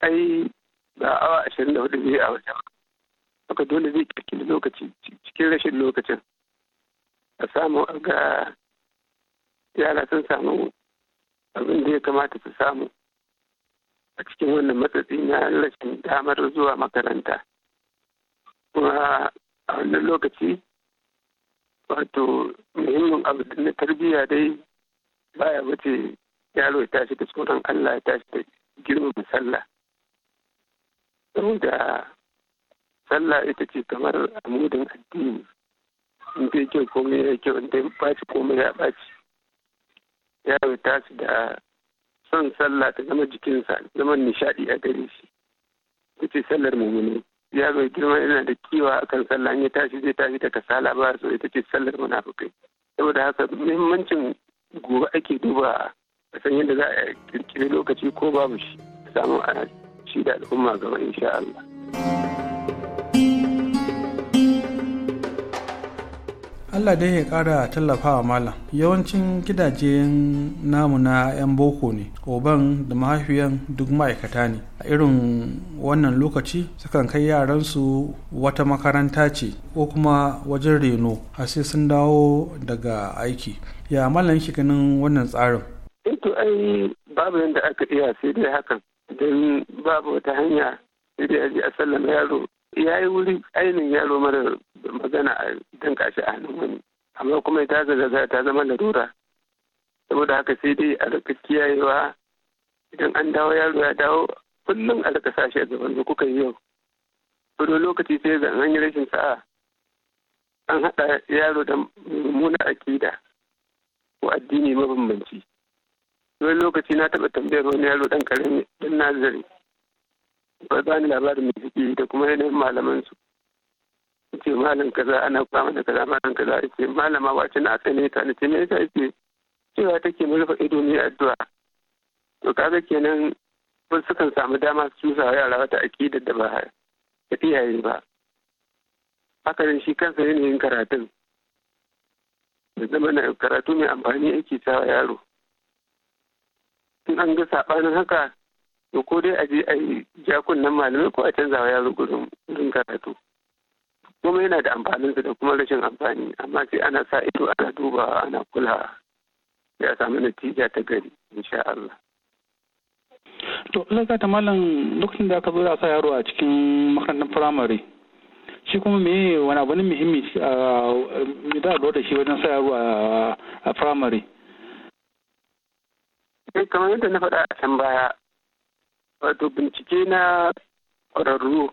ai ba awa ashirin da hudu zai a wajen haka dole zai kirkiri lokaci cikin rashin lokacin a samu ga yara sun samu abin da ya kamata su samu a cikin wannan matsatsi na rashin damar zuwa makaranta kuma a wannan lokaci wato muhimmin abu na tarbiyya dai baya wuce yaro ya tashi da tsoron Allah ya tashi da girmama sallah saboda sallah ita ce kamar amudin addini in dai kyau komai ya kyau in dai baci komai ya baci yaro tashi da son sallah ta zama jikinsa zama nishadi a gare shi ita ce sallar mummuni yaro ya girma yana da kiwa kan sallah in ya tashi zai tashi da kasala ba so ita ce sallar munafukai saboda haka muhimmancin gobe ake duba a san yadda za a kirkiri lokaci ko babu shi samu a shi da al'umma gaba insha Allah. allah dai ya kara tallafawa malam yawancin gidajen namu na 'yan boko ne oban da mahaifiyan duk ma'aikata ne a irin wannan lokaci sukan kai yaransu wata makaranta ce ko kuma wajen reno har sai sun dawo daga aiki ya malam shi ganin wannan tsarin eh to ai babu yadda aka iya sai dai hakan don babu wata hanya sai dai a sallama yaro ya yi wuri ainihin yaro mara magana a danka shi a hannun wani amma kuma ta zaga ta zama larura saboda haka sai dai a rika kiyayewa idan an dawo yaro ya dawo kullum a rika sashi a gaban da kuka yi yau wani lokaci sai ga an yi rashin sa'a an haɗa yaro da mummuna akida ko addini mabambanci wani lokaci na taɓa tambayar wani yaro ɗan ƙarami ɗan nazari ba za ni labarin mai suke da kuma yanayin malaman su ce malam kaza ana kwama da kaza malam kaza ce malama wace na ne ta nace me yasa ce cewa take murfa rufe ido ne addu'a to kaga kenan ba sukan samu dama su cusa yara wata akidar da ba ta iyaye ba Haka ne shi kansa yanayin karatun da zama na karatu mai amfani yake wa yaro in an ga saɓanin haka to ko dai a je a yi jakunan malamai ko a canza wa yaro gurin karatu kuma yana da amfanin da kuma rashin amfani amma sai ana sa ido ana duba ana kula ya samu natija ta gari insha Allah to ga ta malam lokacin da aka zo da sa yaro a cikin makarantar firamare shi kuma me wani abu ne muhimmi a me da da shi wajen sa yaro a firamare eh, kamar yadda na faɗa a can baya wato bincike na ƙwararru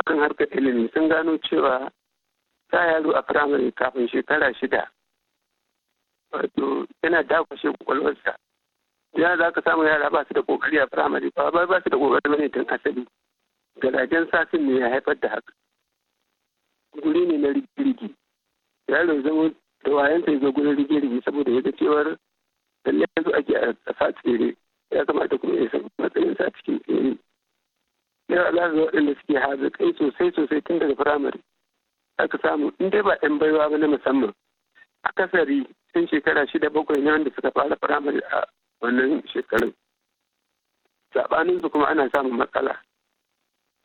akan harkar ilimi sun gano cewa ta yaro a firamare kafin shekara shida wato yana dakushe kwakwalwarsa ya za ka samu yara ba su da kokari a firamare ba ba ba su da kokari bane tun asali garajen satin ne ya haifar da haka guri ne na rigirgi yaro zama da wayansa ya zo gurin rigirgi saboda ya ga cewar lallai yanzu ake a tsere ya kamata kuma ya san matsayin sa cikin ilimi yana Aladu, waɗanda suke kai sosai sosai tun daga firamare aka samu in dai ba 'yan baiwa ba na musamman akasari tun shekara shida bakwai ne wanda suka fara firamare a wannan shekarun saɓanin su kuma ana samun matsala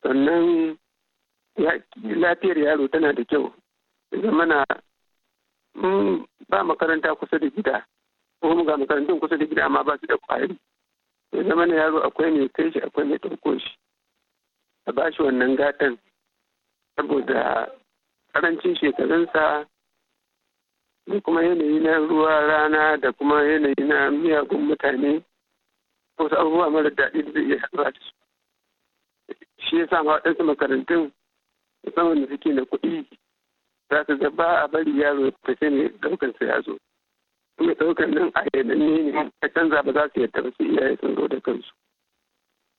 sannan lafiyar yaro tana da kyau mana mm, ba makaranta kusa da gida ko ga makarantun kusa da gida amma ba su da ƙwari ya zama na yaro akwai mai kai shi akwai mai ɗauko shi a ba shi wannan gatan saboda karancin shekarunsa da kuma yanayi na ruwa rana da kuma yanayi na miyagun mutane wasu abubuwa mara daɗi da zai iya haɗuwa da su shi ya sa waɗansu makarantun musamman da suke na kuɗi za su ga ba a bari yaro ta sai mai ɗaukansa ya zo iya ɗaukar nan a yadda ne ta canza ba za su yadda ba su iyaye sun zo da kansu.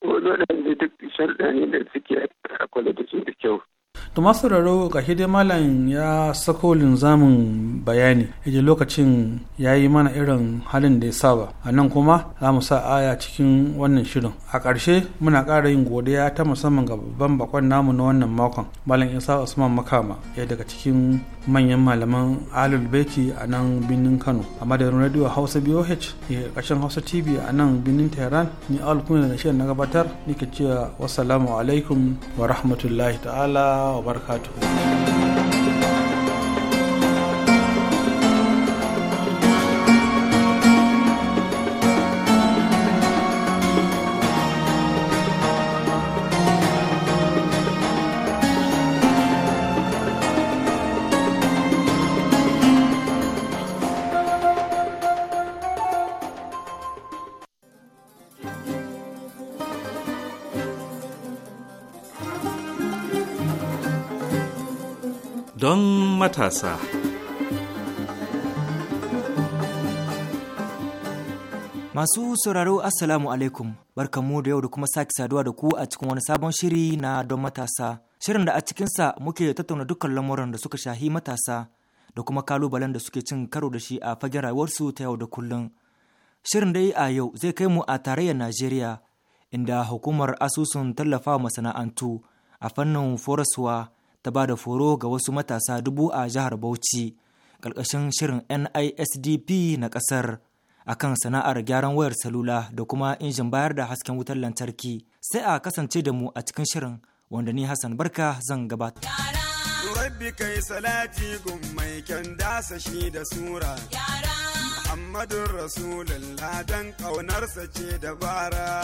Ko zo da duk sharɗa ne da suke a kula da su da kyau. to masu raro ga malam ya sako linzamin bayani yaje lokacin ya yi mana irin halin da ya saba a nan kuma za mu sa aya cikin wannan shirin a ƙarshe muna ƙara yin godiya ta musamman ga babban bakon namu na wannan makon malam isa usman makama ya daga cikin manyan malaman alul beki a nan birnin kano a madadin radio hausa boh ke ƙarshen hausa tv a nan birnin tehran ni alkuna da shirin na gabatar nake cewa wassalamu alaikum wa rahmatullahi ta'ala wabarakatuhu matasa. Masu sauraro Assalamu alaikum barkamu da yau da kuma sake saduwa da ku a cikin wani sabon shiri na don matasa. Shirin da a cikinsa muke tattauna dukkan lamuran da suka shahi matasa da kuma kalubalen da suke cin karo da shi a fagen rayuwarsu ta yau da kullum. Shirin dai a yau zai kai mu a tarayyar Najeriya inda hukumar asusun tallafa masana'antu a fannin foraswa ta ba da foro ga wasu matasa dubu a jihar Bauchi ƙarƙashin shirin NISDP na ƙasar a kan sana'ar gyaran wayar salula da kuma injin bayar da hasken wutar lantarki sai a kasance da mu a cikin shirin wanda ni Hassan Barka zan gabata. salati ƙaunarsa ce dabara.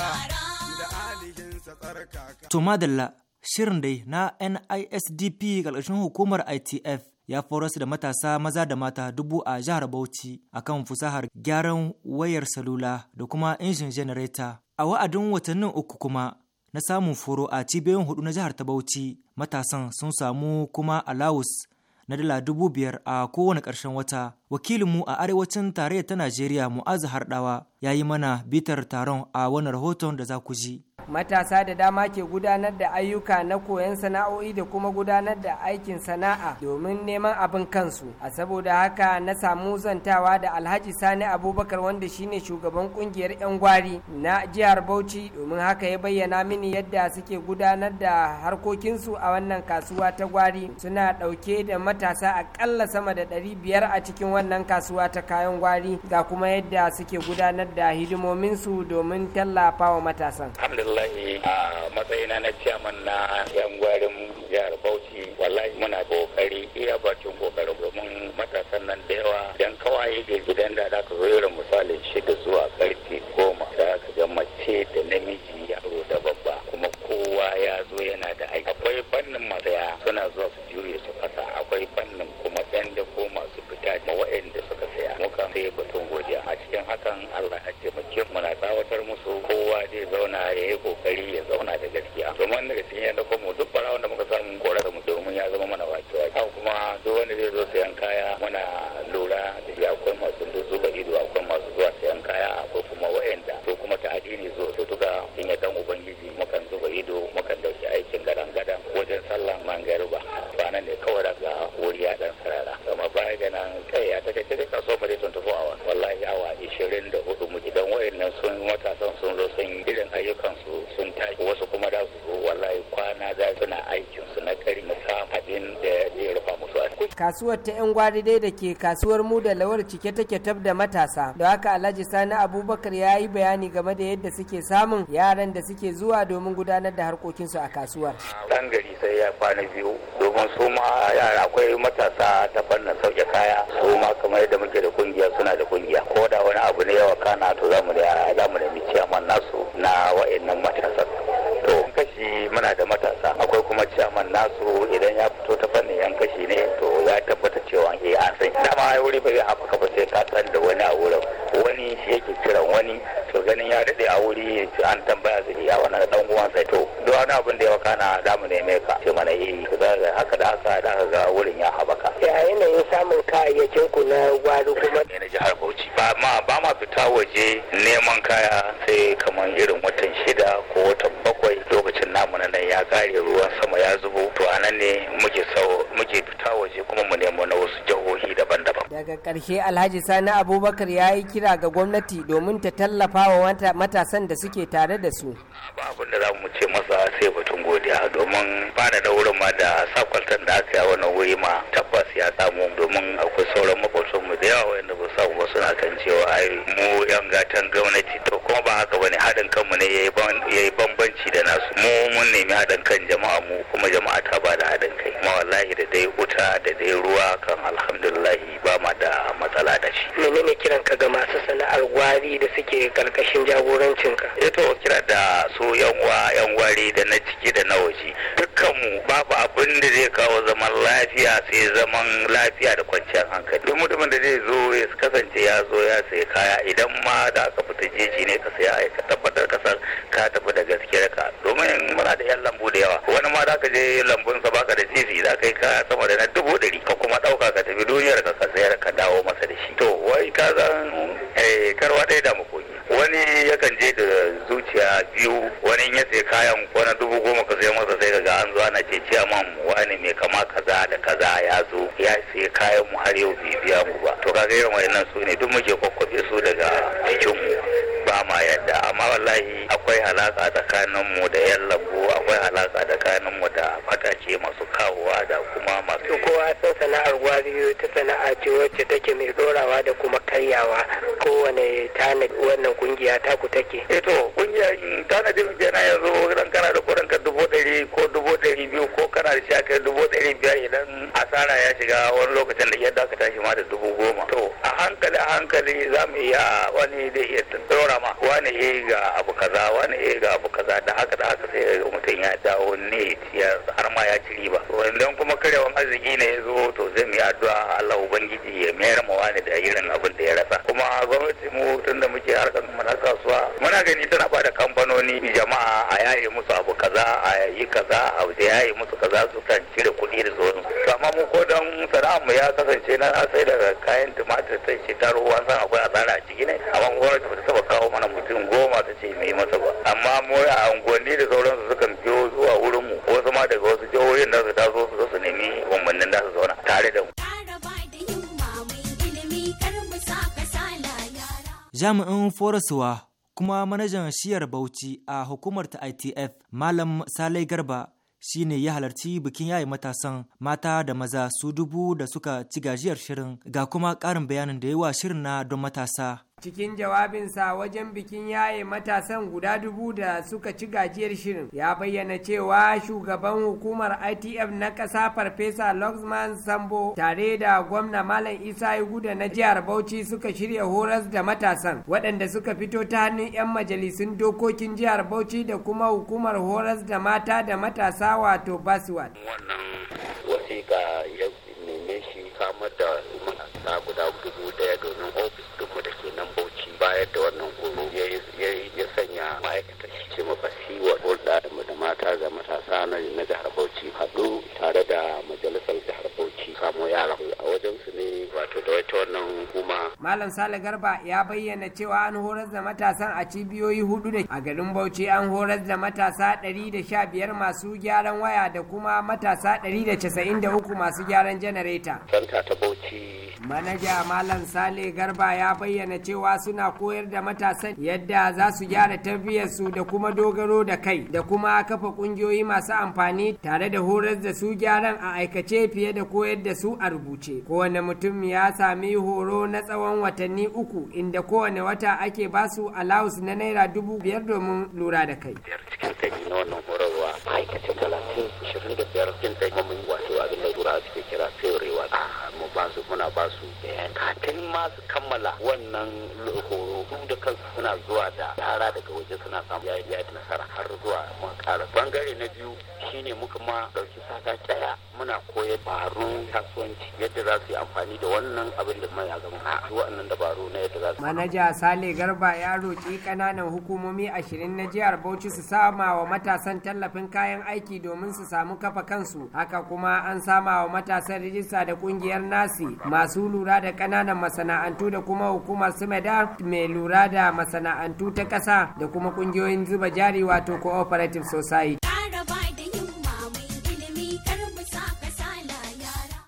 Da Shirin dai na NISDP ƙarƙashin hukumar ITF ya foras da matasa maza da mata dubu a jihar Bauchi akan fusahar gyaran wayar salula da kuma injin janareta. A wa'adin watannin uku kuma na samun foro a cibiyoyin hudu na jihar ta Bauchi matasan sun samu kuma alawus na dala dubu biyar a kowane ƙarshen wata wakilinmu a arewacin tarayyar ta najeriya mu'azu hardawa ya yi mana bitar taron a wani rahoton da za ku ji matasa da dama ke gudanar da ayyuka na koyon sana'o'i da kuma gudanar da aikin sana'a domin neman abin kansu a saboda haka na samu zantawa da alhaji sani abubakar wanda shine shugaban kungiyar 'yan gwari na jihar bauchi domin haka ya bayyana mini yadda suke gudanar da harkokinsu a wannan kasuwa ta gwari suna ɗauke da matasa akalla sama da ɗari biyar a cikin wannan kasuwa ta kayan gwari ga kuma yadda suke gudanar da hidimomin su domin tallafa wa matasan. Alhamdulillahi a matsayina na ciyaman na yan gwarin jihar Bauchi wallahi muna kokari iya bakin kokarin domin matasan nan da yawa dan kawai da gidan da aka zo misali shida zuwa karfe goma da aka ga mace da namiji kokari ya zauna da gaskiya domin wanda cikin kasuwar ta 'yan gwari dai da ke kasuwar mu da lawar cike take tab da matasa da haka alhaji sani abubakar ya yi bayani game da yadda suke samun yaran da suke zuwa domin gudanar da harkokinsu a kasuwar dan gari sai ya kwana biyu domin su ma yara akwai matasa ta fannin sauke kaya su ma kamar yadda muke da kungiya suna da kungiya ko da wani abu ne yawa kana to zamu da zamu da ciyaman nasu na wa'annan matasa to kashi muna da matasa akwai kuma ciyaman nasu idan ya fito ta fannin yan kashi ne ma wuri ba zai haɓaka ba sai ka san da wani a wurin wani shi yake kiran wani to ganin ya daɗe a wuri an tambaya zai iya wani ɗan uwan sai to duk wani abin da ya na za mu neme ka ce mana eh za haka da haka da haka ga wurin ya haɓaka. ya yanayin samun kayayyakin ku na gwari kuma. ne na jihar bauchi ba ma ba ma fita waje neman kaya sai kamar irin watan shida ko watan bakwai lokacin namu na nan ya kare ruwan sama ya zubo to anan ne daga ƙarshe alhaji sani abubakar ya yi kira ga gwamnati domin ta tallafa wa matasan da suke tare da su ba abin da za mu ce masa sai batun godiya domin ba da wurin ma da sakwaltar da aka yi wannan wuri ma tabbas ya samu domin akwai sauran makwabcin mu da yawa wanda ba sa wasu na kan cewa ai mu yan gatan gwamnati to kuma ba haka bane haɗin kanmu ne ya yi bambanci da nasu mu mun nemi haɗin kan jama'a mu kuma jama'a ta ba alhamdulillahi da dai wuta da dai ruwa kan alhamdulillahi ba ma da matsala da shi menene kiran ka ga masu sana'ar gwari da suke karkashin jagorancin ka ita eh kira da su yan uwa yan gwari da na ciki da na waje dukkan babu abin da zai kawo zaman lafiya sai zaman lafiya da kwanciyar hankali duk mutumin da zai zo ya kasance ya zo ya sai kaya idan ma da aka fita jeji ne ka sai ka tabbatar ka ka tafi da gaskiyar ka domin muna da yan lambu da yawa wani ma za ka je lambunsa baka da sisi za ka yi kaya sama da na dubu ɗari ka kuma ɗauka ka tafi duniyar ka sayar ka dawo masa da shi to wai ka zan eh, karwa ɗaya da makoki wani yakan je da zuciya biyu wani ya sai kayan wani dubu goma ka sai masa sai ga an zo ana ce man wani mai kama kaza da kaza ya zo ya sai kayan mu har yau bai biya mu ba to kaga irin wayannan su ne duk muke kwakwabe su daga cikin mu ba ma yadda amma wallahi akwai halaka tsakanin mu da yan lambu akwai halaka tsakanin mu da fatace masu kawowa da kuma masu kowa san sana'ar gwariyo ta sana'a ce wacce take mai dorawa da kuma karyawa kowane tana wannan kungiya ta ku take eh to kungiya tanadin kenan yanzu ran kana da kuranka dubu ɗari ko dubu ɗari biyu ko kana da shi a kai dubu ɗari biyar idan asara ya shiga wani lokacin da yadda aka tashi ma da dubu goma to a hankali a hankali za mu iya wani da iya ɗora ma wani ya eh ga abu kaza wani ya eh ga abu kaza da haka da haka sai mutum ya dawo ne ya har ma ya ci riba wannan kuma karewan arziki ne ya zo to zai mu yi addu'a Allah ubangiji ya mayar ma wani da irin abin da ya rasa kuma gwamnati mu da muke harkar mana kasuwa muna gani tana ba da kamfanoni jama'a a yaye musu abu kaza a yi kaza a ya yi musu kaza su kan cire kuɗi da sauran to amma mu ko dan sana'ar mu ya kasance na sai daga kayan tumatir sai shi taro ruwa san akwai asara a ciki ne amma gwamnati ba ta taba kawo mana mutum goma ta ce mai masa ba amma mu a unguwanni da sauransu sukan biyo zuwa wurin mu wasu ma daga wasu jihohin nasu taso su zo su nemi umarnin su zauna tare da mu jami'in forasuwa kuma manajan shiyar bauchi a hukumar ta itf malam salai garba shine ya halarci bikin yaye matasan mata da maza su dubu da suka ci gajiyar shirin ga kuma ƙarin bayanin da yawa shirin na don matasa cikin jawabinsa wajen bikin yaye matasan guda dubu da suka ci gajiyar shirin ya bayyana cewa shugaban hukumar itf na ƙasa farfesa luxman sambo tare da gwamna malam isa guda na jihar bauchi suka shirya horas da matasan waɗanda suka fito ta hannun 'yan majalisun dokokin jihar bauchi da kuma hukumar horas da mata da matasa wato baswat wannan wasiƙa ya neme shi samar da matasa guda dubu domin ta wannan hukuma. Malam Sale Garba ya bayyana cewa an horar da matasan a cibiyoyi hudu ne a garin Bauchi an horar da matasa ɗari da 115 masu gyaran waya da kuma matasa 193 masu gyaran janareta. Santa ta Bauchi manaja malam sale garba ya bayyana cewa suna koyar da matasan yadda za su gyara tarbiyyarsu da kuma dogaro da kai da kuma kafa kungiyoyi masu amfani tare da horar da su gyaran a aikace fiye da koyar da su a rubuce kowane mutum ya sami horo na tsawon watanni uku inda kowane wata ake basu alawus na naira dubu biyar domin lura da kai ba su kafin ma su kammala wannan horo duk da kansu suna zuwa da tara daga waje suna samun ya yi nasara har zuwa mun bangare na biyu shine muka ma ɗauki sata ɗaya muna koya baro kasuwanci yadda za su yi amfani da wannan abin da mai zama a wannan dabaru na yadda za su manaja sale garba ya roƙi ƙananan hukumomi ashirin na jihar bauchi su sama wa matasan tallafin kayan aiki domin su samu kafa kansu haka kuma an sama wa matasan rijista da ƙungiyar nasi masu lura da ƙananan masana'antu da kuma hukumar sumeda mai lura da masana'antu ta ƙasa da kuma ƙungiyoyin zuba jari wato cooperative society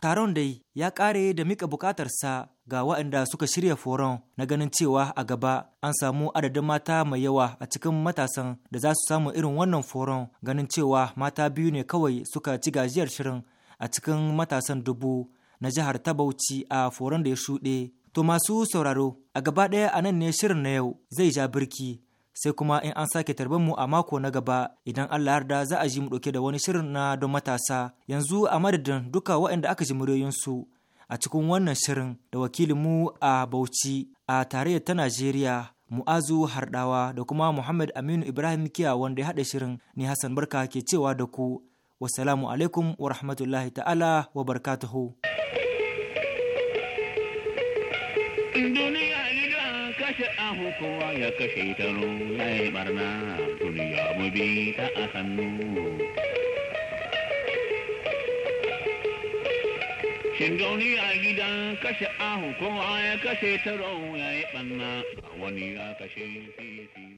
taron dai ya ƙare da mika bukatarsa ga waɗanda suka shirya foron na ganin cewa a gaba an samu adadin mata mai yawa a cikin matasan da za su samu irin wannan foron ganin cewa mata biyu ne kawai suka ci gajiyar shirin a cikin matasan dubu na jihar ta Bauchi a foron da ya shuɗe. To masu sauraro a gaba ɗaya a nan ne shirin na yau zai ja birki sai kuma in an sake tarban mu a mako na gaba idan Allah yarda za a ji mu dauke da wani shirin na don matasa yanzu a madadin duka waɗanda aka ji muryoyinsu a cikin wannan shirin da wakilin mu a Bauchi a tarayyar ta Najeriya Mu'azu Hardawa da kuma Muhammad Aminu Ibrahim Kiya wanda ya haɗa shirin ni Hassan Barka ke cewa da ku wasalamu alaikum wa rahmatullahi ta'ala wa barakatuhu. Allahu kowa ya kashe ta ya yi barna duniya mu bi ta a hannu. Shin duniya gidan kashe ahu kowa ya kashe ta ya yi barna wani ya kashe fifi.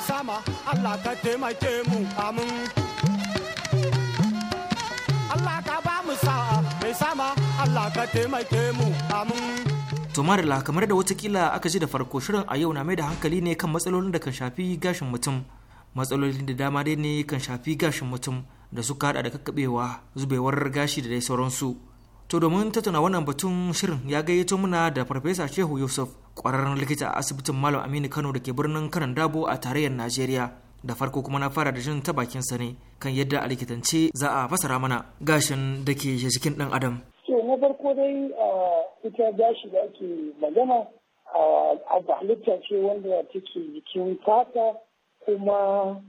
rahama Allah ka taimake mu amin Allah ka ba mu sa'a mai sama Allah ka taimake mu amin To Marila kamar da watakila aka ji da farko shirin a yau na mai da hankali ne kan matsalolin da kan shafi gashin mutum. Matsalolin da dama dai ne kan shafi gashin mutum da suka hada da kakkabewa zubewar gashi da dai sauransu. To domin tattauna wannan batun shirin ya gayyato muna da Farfesa Shehu Yusuf kwararren likita a asibitin Malam Aminu Kano da ke birnin Kanan Dabo a tarayyar Najeriya. Da farko kuma na fara da jin ta bakin sa ne kan yadda a likitance za a fasara mana gashin da ke jikin ɗan adam. To na farko dai ita gashi da ake magana a halitta ce wanda take jikin fata kuma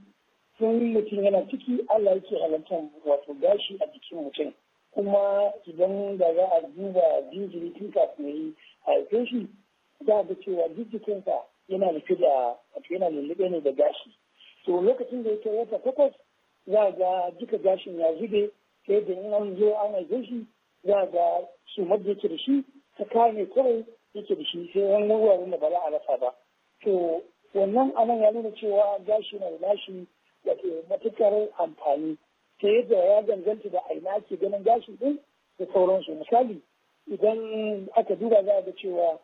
sun mutum yana ciki Allah yake halittar wato gashi a jikin mutum. kuma idan da za a duba jinjiri tun kafin yi haife shi za ga cewa jijikinsa yana rufe da wato yana lullube ne da gashi to lokacin da yake wata takwas za ga duka gashin ya zube sai da in an zo an haife shi za ga su da yake da shi ta kame kawai yake da shi sai wani wuraren da ba za a rasa ba to wannan anan ya nuna cewa gashi na da gashi da matukar amfani keja ya ganganta da aina ake ganin gashin din da sauransu misali idan aka duba za ga cewa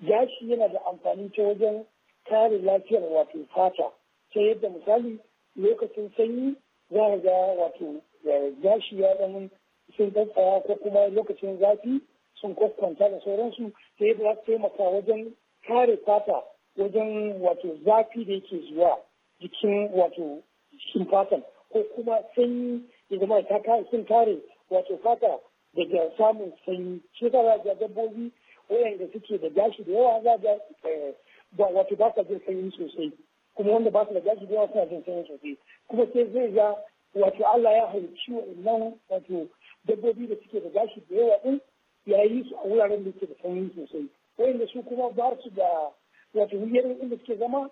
gashi yana da amfani ta wajen kare lafiyar wato fata ta yadda misali lokacin sanyi za a ga wato gashi ya ɗan sun tsaya ko kuma lokacin zafi sun kwakwanta da sauransu ta yadda za su taimaka wajen kare fata wajen wato zafi da yake zuwa jikin wato jikin fatan ko kuma sanyi ma zama sun kare wato fata daga samun sanyi shi ka ga dabbobi da suke da gashi da yawa za ga eh, ba wato ba ka jin sanyi sosai kuma wanda ba su da gashi da yawa suna jin sanyi sosai kuma sai zai ga wato Allah ya halicci wannan wato dabbobi da suke da gashi da yawa din ya yi su a wuraren da suke da sanyi sosai da su kuma ba su da wato wuyarin inda suke zama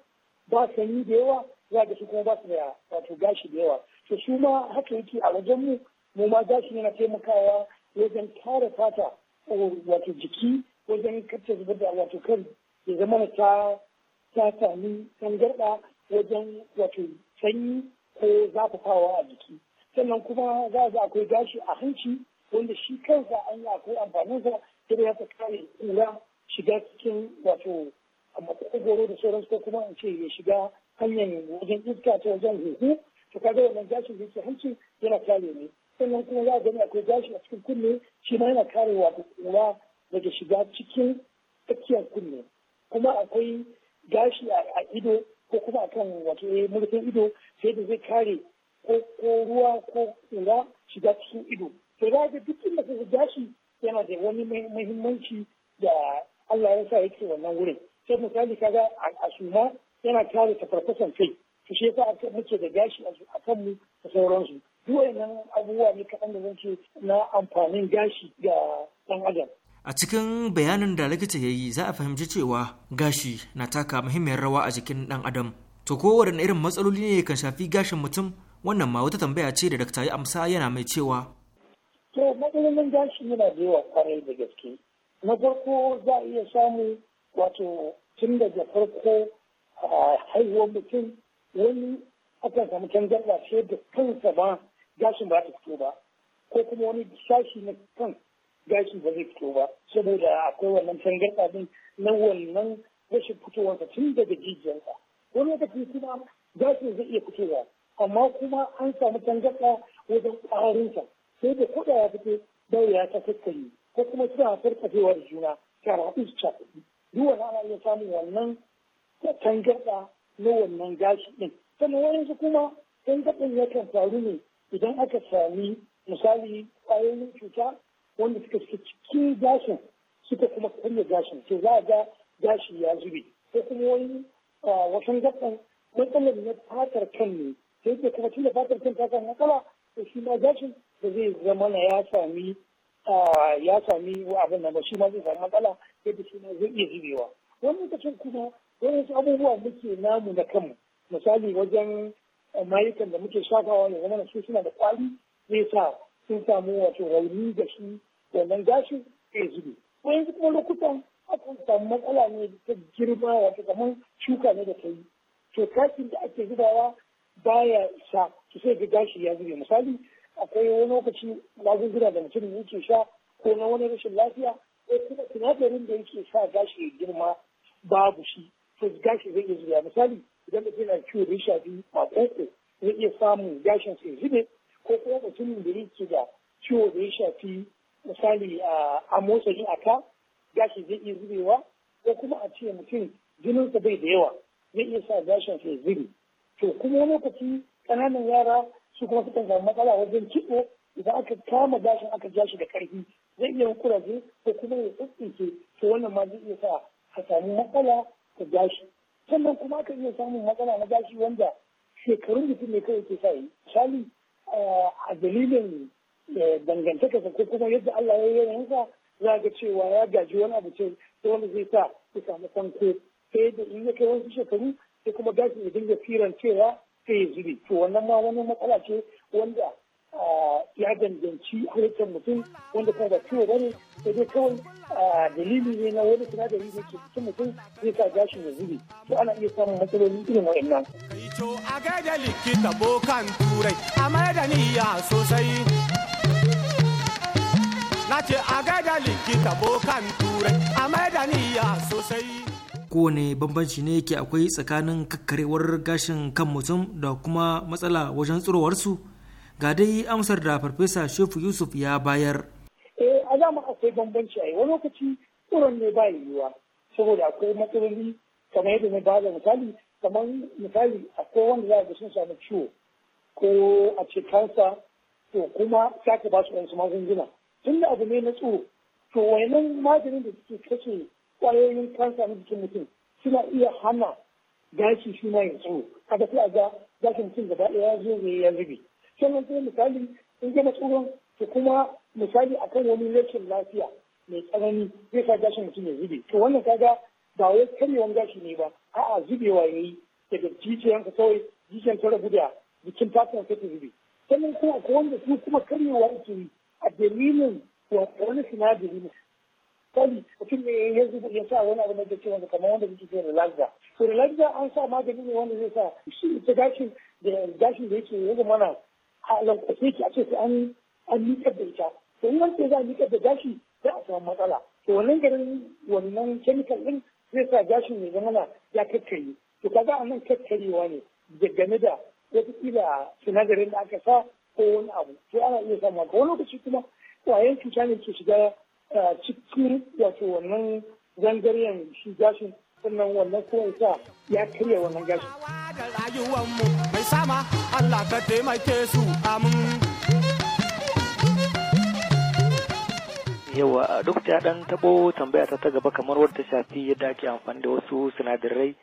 ba sanyi da yawa za ga su kuma ba su da wato gashi da yawa to su ma haka yake a wajen mu mu ma gashi yana taimakawa wajen tara fata wato jiki wajen kacce zubar da wato kan ya zama ta ta sami tangarɗa wajen wato sanyi ko zafafawa a jiki sannan kuma za a akwai gashi a hanci wanda shi kansa an yi akwai amfaninsa da ya ta kare kura shiga cikin wato makogoro da sauransu ko kuma in ce ya shiga hanyar wajen iska ta wajen huhu to kaga wannan gashi da yake hanci yana kare ne sannan kuma za a gani akwai gashi a cikin kunne shi ma yana kare wato kura daga shiga cikin tsakiyar kunne kuma akwai gashi a ido ko kuma akan wato eh, murfin ido sai da zai kare ko ruwa ko kura shiga cikin ido to za ga duk inda kaga gashi yana da wani muhimmanci da Allah ya sa yake wannan wurin sai misali kaga a suna yana kare tafarkasan kai su shi yasa muke da gashi a kanmu da sauransu duk wayannan abubuwa ne kaɗan da zan ce na amfanin gashi ga ɗan adam a cikin bayanin da likita ya yi za a fahimci cewa gashi na taka muhimmiyar rawa a jikin ɗan adam to kowane irin matsaloli ne kan shafi gashin mutum wannan ma wata tambaya ce da dakta amsa yana mai cewa to matsalolin gashi yana da yawa kwarai da gaske na farko za a iya samu wato tun daga farko a haihuwar mutum wani akan samu canjar ba sai da kansa ba gashin ba ta fito ba ko kuma wani sashi na kan gashi ba zai fito ba saboda akwai wannan canjar din na wannan rashin fitowarsa tun daga jijiyarsa wani lokaci kuma gashin zai iya fitowa amma kuma an samu tangarɗa wajen ƙwarinsa sai da kuɗa ya fito ya ta kakkari ko kuma suna farfafewar juna ta raɗu su duk wani ana iya samun wannan tangarɗa na wannan gashi ɗin sannan wayansu kuma ya kan faru ne idan aka sami misali ƙwayoyin cuta wanda suka suke cikin gashin suka kuma karya gashin to za a ga gashi ya zube ko kuma wani wasan gaɓan matsalar na fatar kan ne sai da kuma tunda fatar kan ta kan matsala to shi ma gashin da zai zama na ya sami ya sami abin nan ba shi ma zai sami matsala yadda shi ma zai iya zubewa wani lokacin kuma wani abubuwa muke namu na kanmu misali wajen mayukan da muke shafawa ya zama su suna da kwari zai sa sun samu wato rauni da shi wannan gashi ke zube ko yanzu kuma lokutan akan samu matsala ne ta girma wato kamar shuka ne da ta yi to kafin da ake zubawa baya sa su sai ga gashi ya zube misali akwai wani lokaci magunguna da mutum yake sha ko na wani rashin lafiya ko kuma sinadarin da yake sa gashi ya girma babu shi sai gashi zai iya zuwa misali idan mutum yana ciwo da ya shafi makoko zai iya samun gashin sai zube ko kuma mutumin da yake da ciwo da ya shafi misali a motsa yi a ka gashi zai iya zubewa ko kuma a ce mutum jininsa bai da yawa zai iya sa gashin sai zube to kuma wani lokaci ƙananan yara su kuma sukan samu matsala wajen kiɗo idan aka kama gashin aka ja shi da ƙarfi zai iya kuraje ko kuma ya tsintsinke to wannan ma zai iya sa a samu matsala ka gashi sannan kuma ka iya samun matsala na gashi wanda shekarun mutum ne kawai ke sa yi misali eh, a dalilin eh, dangantaka ko kuma yadda Allah ya yi yanka za ga cewa ya gaji wani abu ce wanda zai sa ya samu sanko sai da in ya kai wasu shekaru sai kuma gashi ya dinga firan cewa sai ya zube to wannan ma wani matsala ce wanda ya danganci halittar mutum wanda kuma ba ciwo ba ne da dai kawai dalili ne na wani sinadari da ke cikin mutum zai sa gashi ya zube to ana iya samun matsaloli irin wa'annan. kai a gaida likita bokan turai a da niyya sosai na ce a gaida likita bokan turai a da niyya sosai kowane bambanci ne ke akwai tsakanin kakkarewar gashin kan mutum da kuma matsala wajen tsirowarsu? su ga dai amsar da farfesa shefu yusuf ya bayar eh a dama akwai bambanci a wani lokaci tsoron ne ba yiwuwa saboda akwai matsaloli kamar yadda na bada misali kamar misali akwai wanda za ga sun samu ciwo ko a ce kansa to kuma sake ba su wasu magunguna tun da abu ne na tsoro to wayannan maganin da suke kashe kwayoyin kansa na jikin mutum suna iya hana gashi shi ma ya tsoro kada sai a ga mutum gaba ɗaya ya zo ya rube. sannan kuma misali in gama tsoron to kuma misali akan wani rashin lafiya mai tsanani zai sa gashin mutum ya zube to wannan kaga ba wai karyewan gashi ne ba a'a zubewa ya yi daga jijiyansa kawai jijiyar ta rabu da jikin tasirin sai ta zube sannan kuma ko wanda su kuma karyewa ke yi a dalilin wani sinadari kali mutum ne ya zuba ya sa wani abu da cewa wanda kamar wanda suke ce relaxer to relaxer an sa magani ne wanda zai sa shi ta gashin da gashin da yake yanzu mana a sai ki a ce sai an an miƙar da ita to in za a miƙar da gashi sai a samu matsala to wannan garin wannan kemikal din zai sa gashin ya zamana ya kakkare to kaga a nan kakkarewa ne game da wataƙila sinadarin da aka sa ko wani abu sai ana iya samu ga wani lokaci kuma ƙwayan cuta ne ke shiga cikin wato wannan zangaren shi gashin sannan wannan kuma sa ya karya wannan gashin. da rayuwanmu mai sama Allah ka taimake su amin. Yawa duk ta ɗan taɓo tambaya ta gaba kamar wadda shafi yadda ake amfani da wasu sinadarai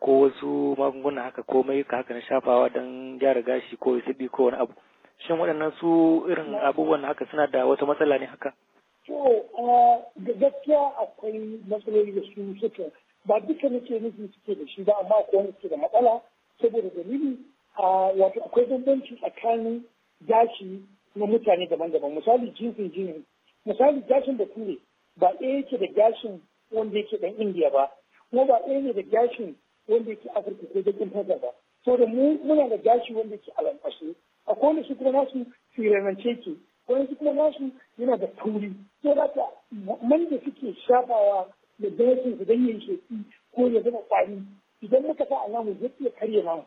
ko wasu magunguna haka ko ka haka na shafawa don gyara gashi ko sibi ko wani abu. Shin waɗannan su irin abubuwan haka suna da wata matsala ne haka? To, da gaskiya akwai matsaloli da su suka ba duka nake nufin suke da shi ba amma akwai wani suke da matsala saboda dalili wato akwai bambanci tsakanin gashi na mutane daban-daban misali jinsin jini misali gashin da kure ba ɗaya yake da gashin wanda yake ɗan indiya ba kuma ba ɗaya ne da gashin wanda yake afirka ko bakin fata ba so da mu muna da gashi wanda yake alamfashe a wanda su kuma nasu firanance ke wani su kuma nasu yana da tauri so da ka man da suke shafawa da gashin su don yin ko ya zama kwari idan muka sa alamu zai iya karye namu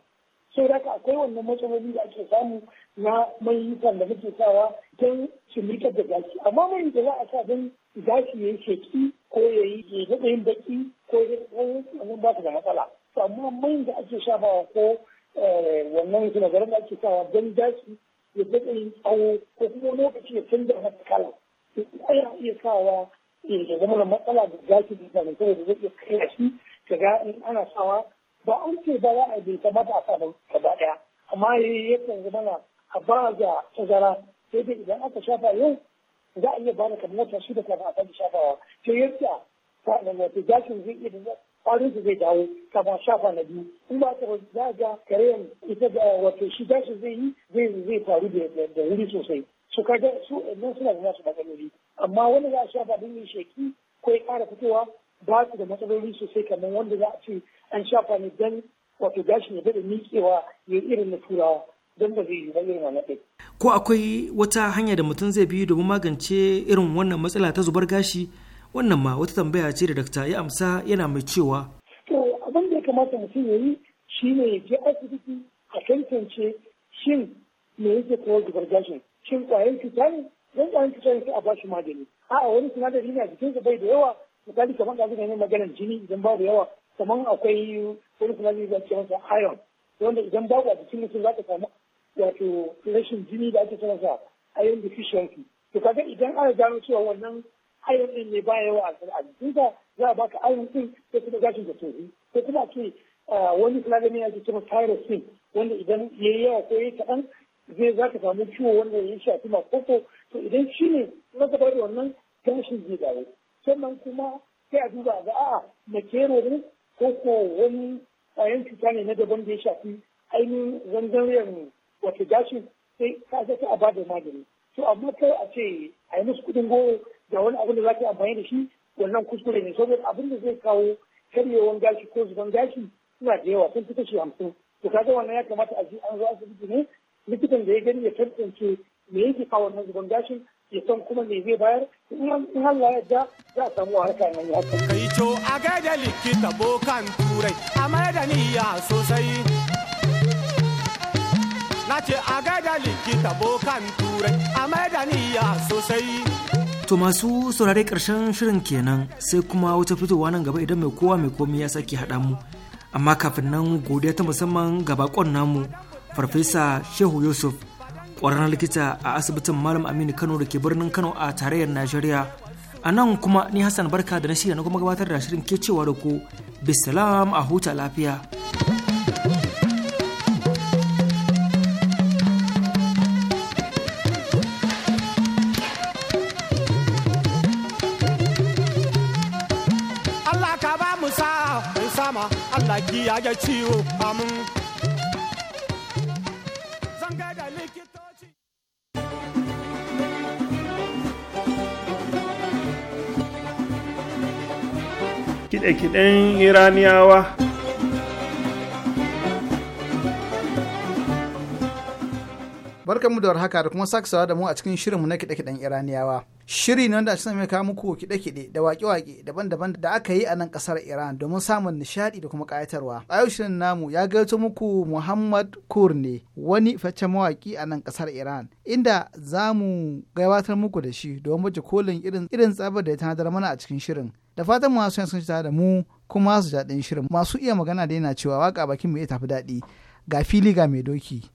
sai haka akwai wannan matsaloli da ake samu na mayukan da muke sawa don cimrikar da gashi amma mai da za a sa don gashi ya sheki ko ya yi daɗa yin baki ko ya daɗa wannan ba su da matsala to amma mai da ake shafawa ko eh, wannan sinadaran da ake sawa don gashi ya daɗa yin tsawo ko kuma lokaci ya canza mata kala iya sawa ya zama matsala da zaki da mutane saboda zai iya kai shi ka ga in ana sawa ba an ce ba za a bai kamata a sa ba gaba daya amma yakan zama na a ba da tazara sai dai idan aka shafa yau za a iya ba da kamar wata shida kafin a sake shafawa sai yadda sa'an wato zai iya da kwarin su zai dawo kafin a shafa na biyu in ba ta za a ga karen ita da wato shi gashin zai yi zai faru da wuri sosai su kaga su nan suna da nasu matsaloli amma wani za a shafa abin yin sheki ko ya kara fitowa ba su da matsaloli sosai kamar wanda za a ce an shafa ne don wato gashi ya daɗa miƙewa ya irin na turawa don ba zai yi ba irin wani ɗaya. Ko akwai wata hanya da mutum zai bi domin magance irin wannan matsala ta zubar gashi wannan ma wata tambaya ce da dakta ya amsa yana mai cewa. To abin da ya kamata mutum ya yi shi ne ya je asibiti a tantance shin me yake kawar zubar gashin shin ƙwayar cuta ne yan kwanan cutar sai a bashi magani a a'a wani sinadari ne a jikinsa bai da yawa misali kamar da zuka yi maganar jini idan babu yawa kamar akwai wani sinadari da ake masa iron wanda idan babu a jikin mutum za ka samu wato rashin jini da ake sanarsa iron deficiency to kaga idan ana gano cewa wannan iron din ne baya yawa a sa za a baka iron din sai kuma gashin da tofi sai kuma ce wani sinadari ne ake cewa tyrosine wanda idan ya yi yawa ko ya yi kaɗan zai za ka samu ciwo wanda ya shafi makoko to idan shi ne na gaba da wannan gashin zai dawo sannan kuma sai a duba ga a'a kero ne ko ko wani ƙwayan cuta ne na daban da ya shafi ainihin zangariyar wata gashin sai ka ga ta a bada magani to amma kai a ce a yi musu kuɗin goro da wani abin da za ka yi amfani da shi wannan kuskure ne saboda abin da zai kawo karyewan gashi ko zuban gashi suna da yawa sun fi kashi hamsin to kaga wannan ya kamata a ji an zo asibiti ne likitan da ya gani ya tantance me yake kawo na zuban gashin ya san kuma me zai bayar in Allah ya ja za a samu harka nan ya kai to a gaida likita bokan turai a mai da niyya sosai na ce a gaida likita bokan turai a mai da niyya sosai To masu saurare ƙarshen shirin kenan sai kuma wata fitowa nan gaba idan mai kowa mai komi ya sake haɗa mu. Amma kafin nan godiya ta musamman ga bakon namu Farfesa Shehu Yusuf ƙwararren likita a asibitin malam aminu kano da ke birnin kano a tarayyar najeriya a nan kuma ni hassan barka da na shirya na kuma gabatar da shirin ke cewa da ku bisalam a huta lafiya Allah ka ba mu sa sama Allah ki ya ciwo amin kiɗe-kiɗen iraniyawa mu da warhaka da kuma sake da mu a cikin shirinmu na kiɗe-kiɗen iraniyawa shiri ne wanda a cikin kawo muku kiɗe-kiɗe da waƙe-waƙe daban-daban da aka yi a nan ƙasar iran domin samun nishaɗi da kuma ƙayatarwa a yau shirin namu ya gaito muku muhammad kur ne wani facen mawaƙi a nan ƙasar iran inda za mu gabatar muku da shi domin baje kolin irin irin tsabar da ya tanadar mana a cikin shirin da fatan mu masu sun tare da mu kuma su jaɗin shirin masu iya magana da yana cewa waka bakin mai tafi daɗi ga fili ga mai doki.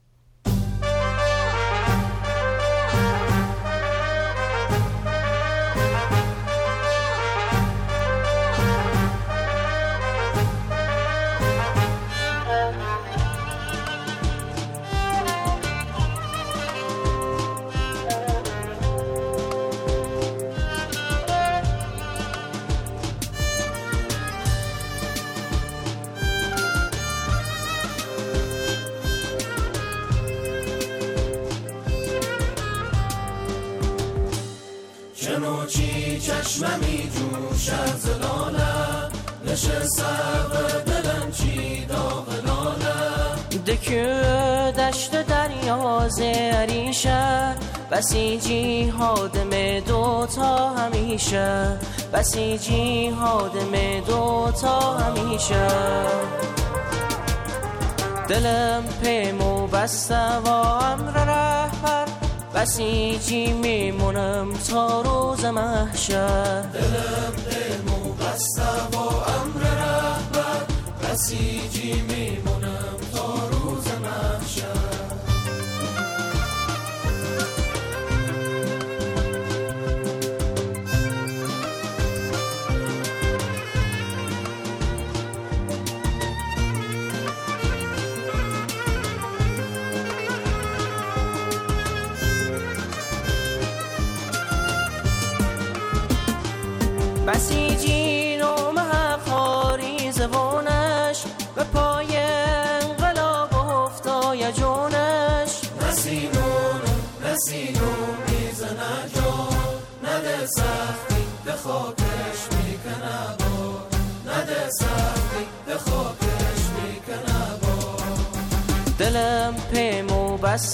همیشه بسیجی هادم دو تا همیشه بسیجی هادم دو تا همیشه دلم پیمو بسته و امر رهبر بسیجی میمونم تا روز محشه دلم پیمو بسته و امر رهبر بسیجی میمونم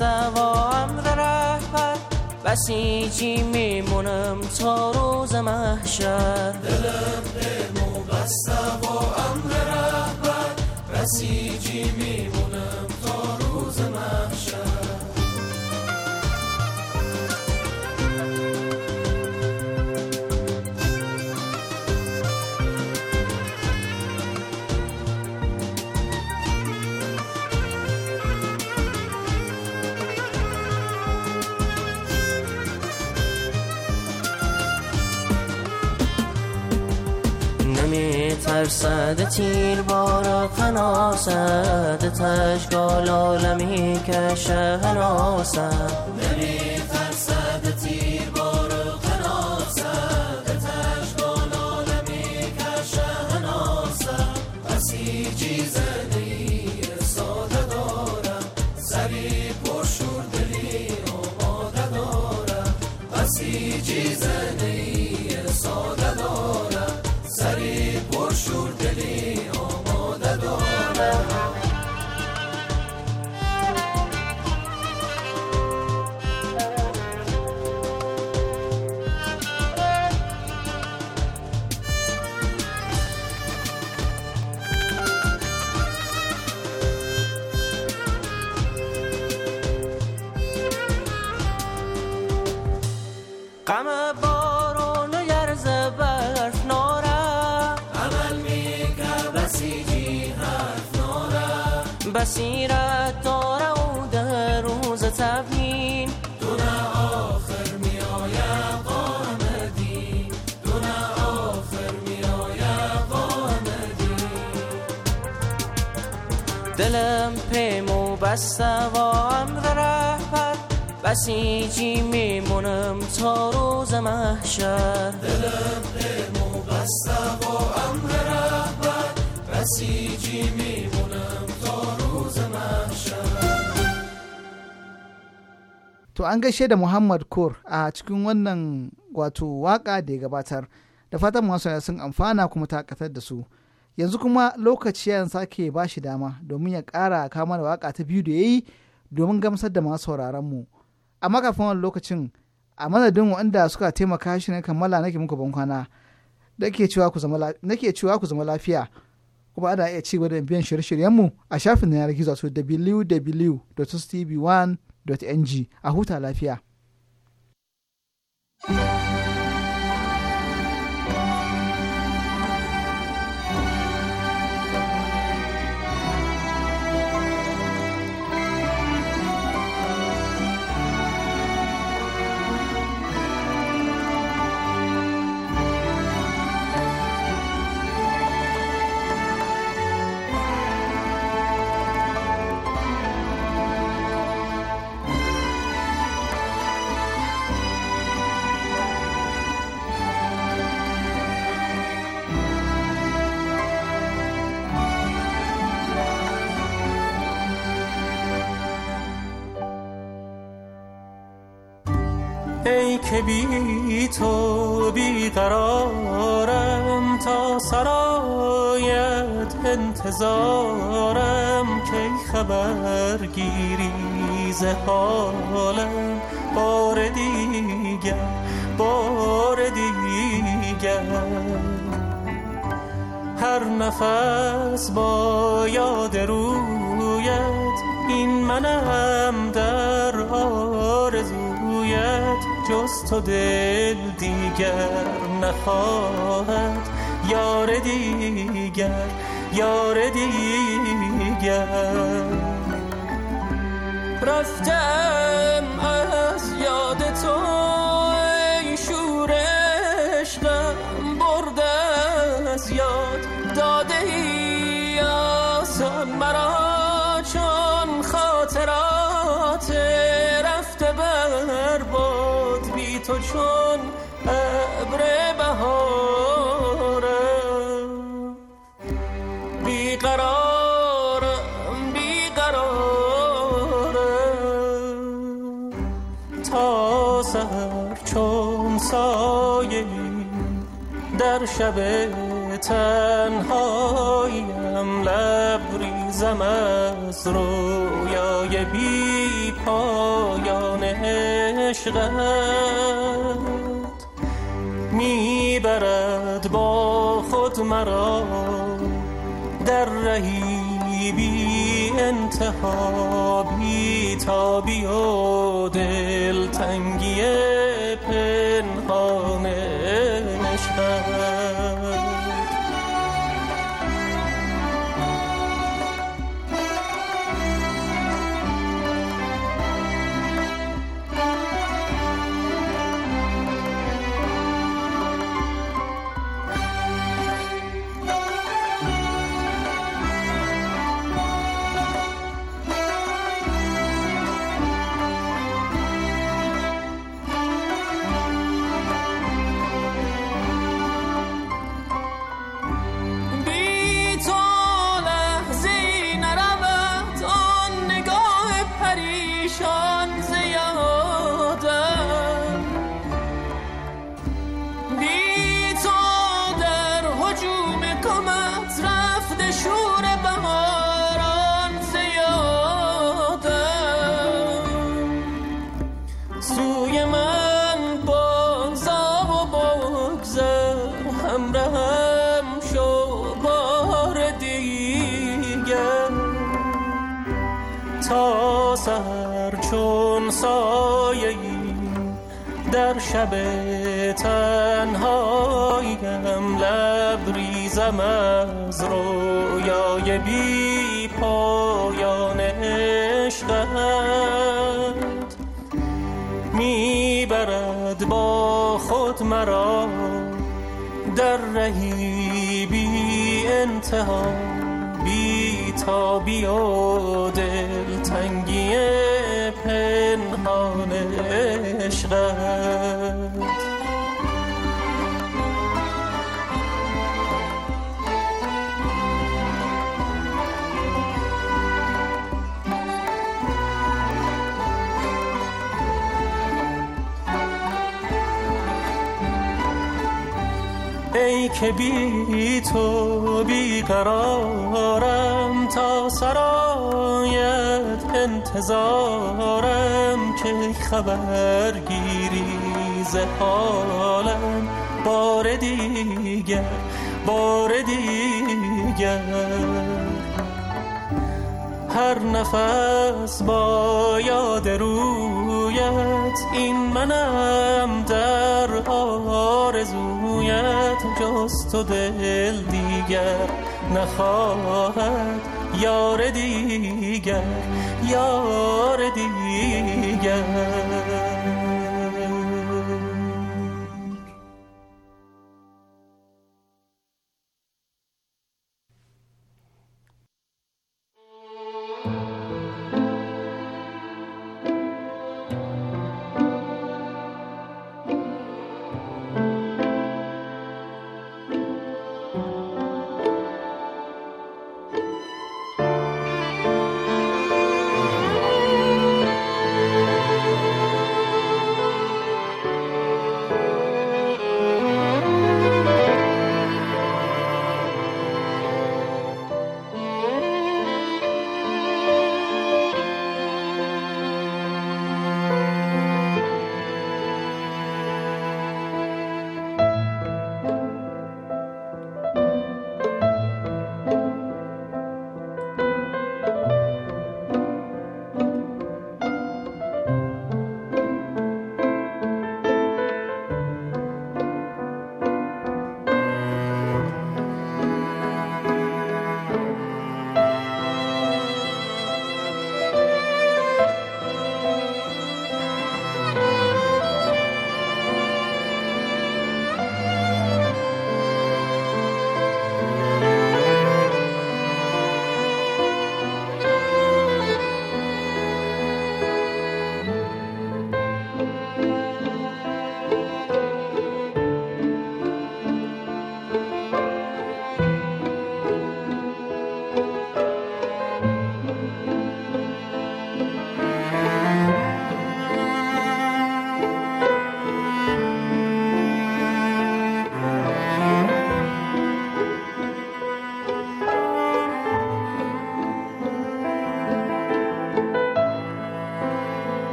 در امر رهبر بسیجی میمونم تا روز محشر دلم به بس و امر رهبر بسیجی میمونم درصد تیر بارا خناسد تشگال عالمی که شهناسد نمی فرصد تیر بارا خناسد گل عالمی که شهناسد بسی چیز نیر ساده دارم سری پرشور دلی آماده دارم بسی چیز نیر ساده مسیرت داره و در روز تبیین دنیا آخر می آید قامدی دنیا آخر می آید قامدی دلم پیمو بسته و امر رهبر بسیجی میمونم تا روز محشر دلم پیمو بسته و امر رهبر بسیجی میمونم To an gaishe da Muhammad Kor a cikin wannan wato waka da ya gabatar. Da fatan masu sun amfana kuma ta takatar da su. Yanzu kuma lokaci ya sake ba shi dama domin ya kara kama da waka ta biyu da ya yi domin gamsar da masu sauraron mu. Amma kafin wani lokacin a madadin wanda suka taimaka shi ne kammala nake muku ban kwana. Nake cewa ku zama lafiya. kuma ana iya ci gaba da biyan shirye-shiryenmu a shafin yanar gizo su www.tv1 ng a huta lafiya. که بی تو بی قرارم تا سرایت انتظارم که خبر گیری ز حالم بار دیگر بار دیگر هر نفس با یاد رویت این منم جز تو دل دیگر نخواهد یار دیگر یار دیگر رفتم از یاد تو چون ابر بهارم بیقرارم بیقرارم تا سهر چون سایه در شب تنهایم لبریزم از رویای بی پایان عشقم برد با خود مرا در رهی بی انتها بی تابی و دلتنگی پنهان نشد شب تنهاییم لبریزم از رویای بی پایان عشقت میبرد با خود مرا در رهی بی انتها بی تابی و تنگی پنهان عشقت که بی تو بیقرارم تا سرایت انتظارم که خبر گیری ز حالم بار دیگر بار دیگر هر نفس با یاد رویت این منم جز تو دل دیگر نخواهد یار دیگر یار دیگر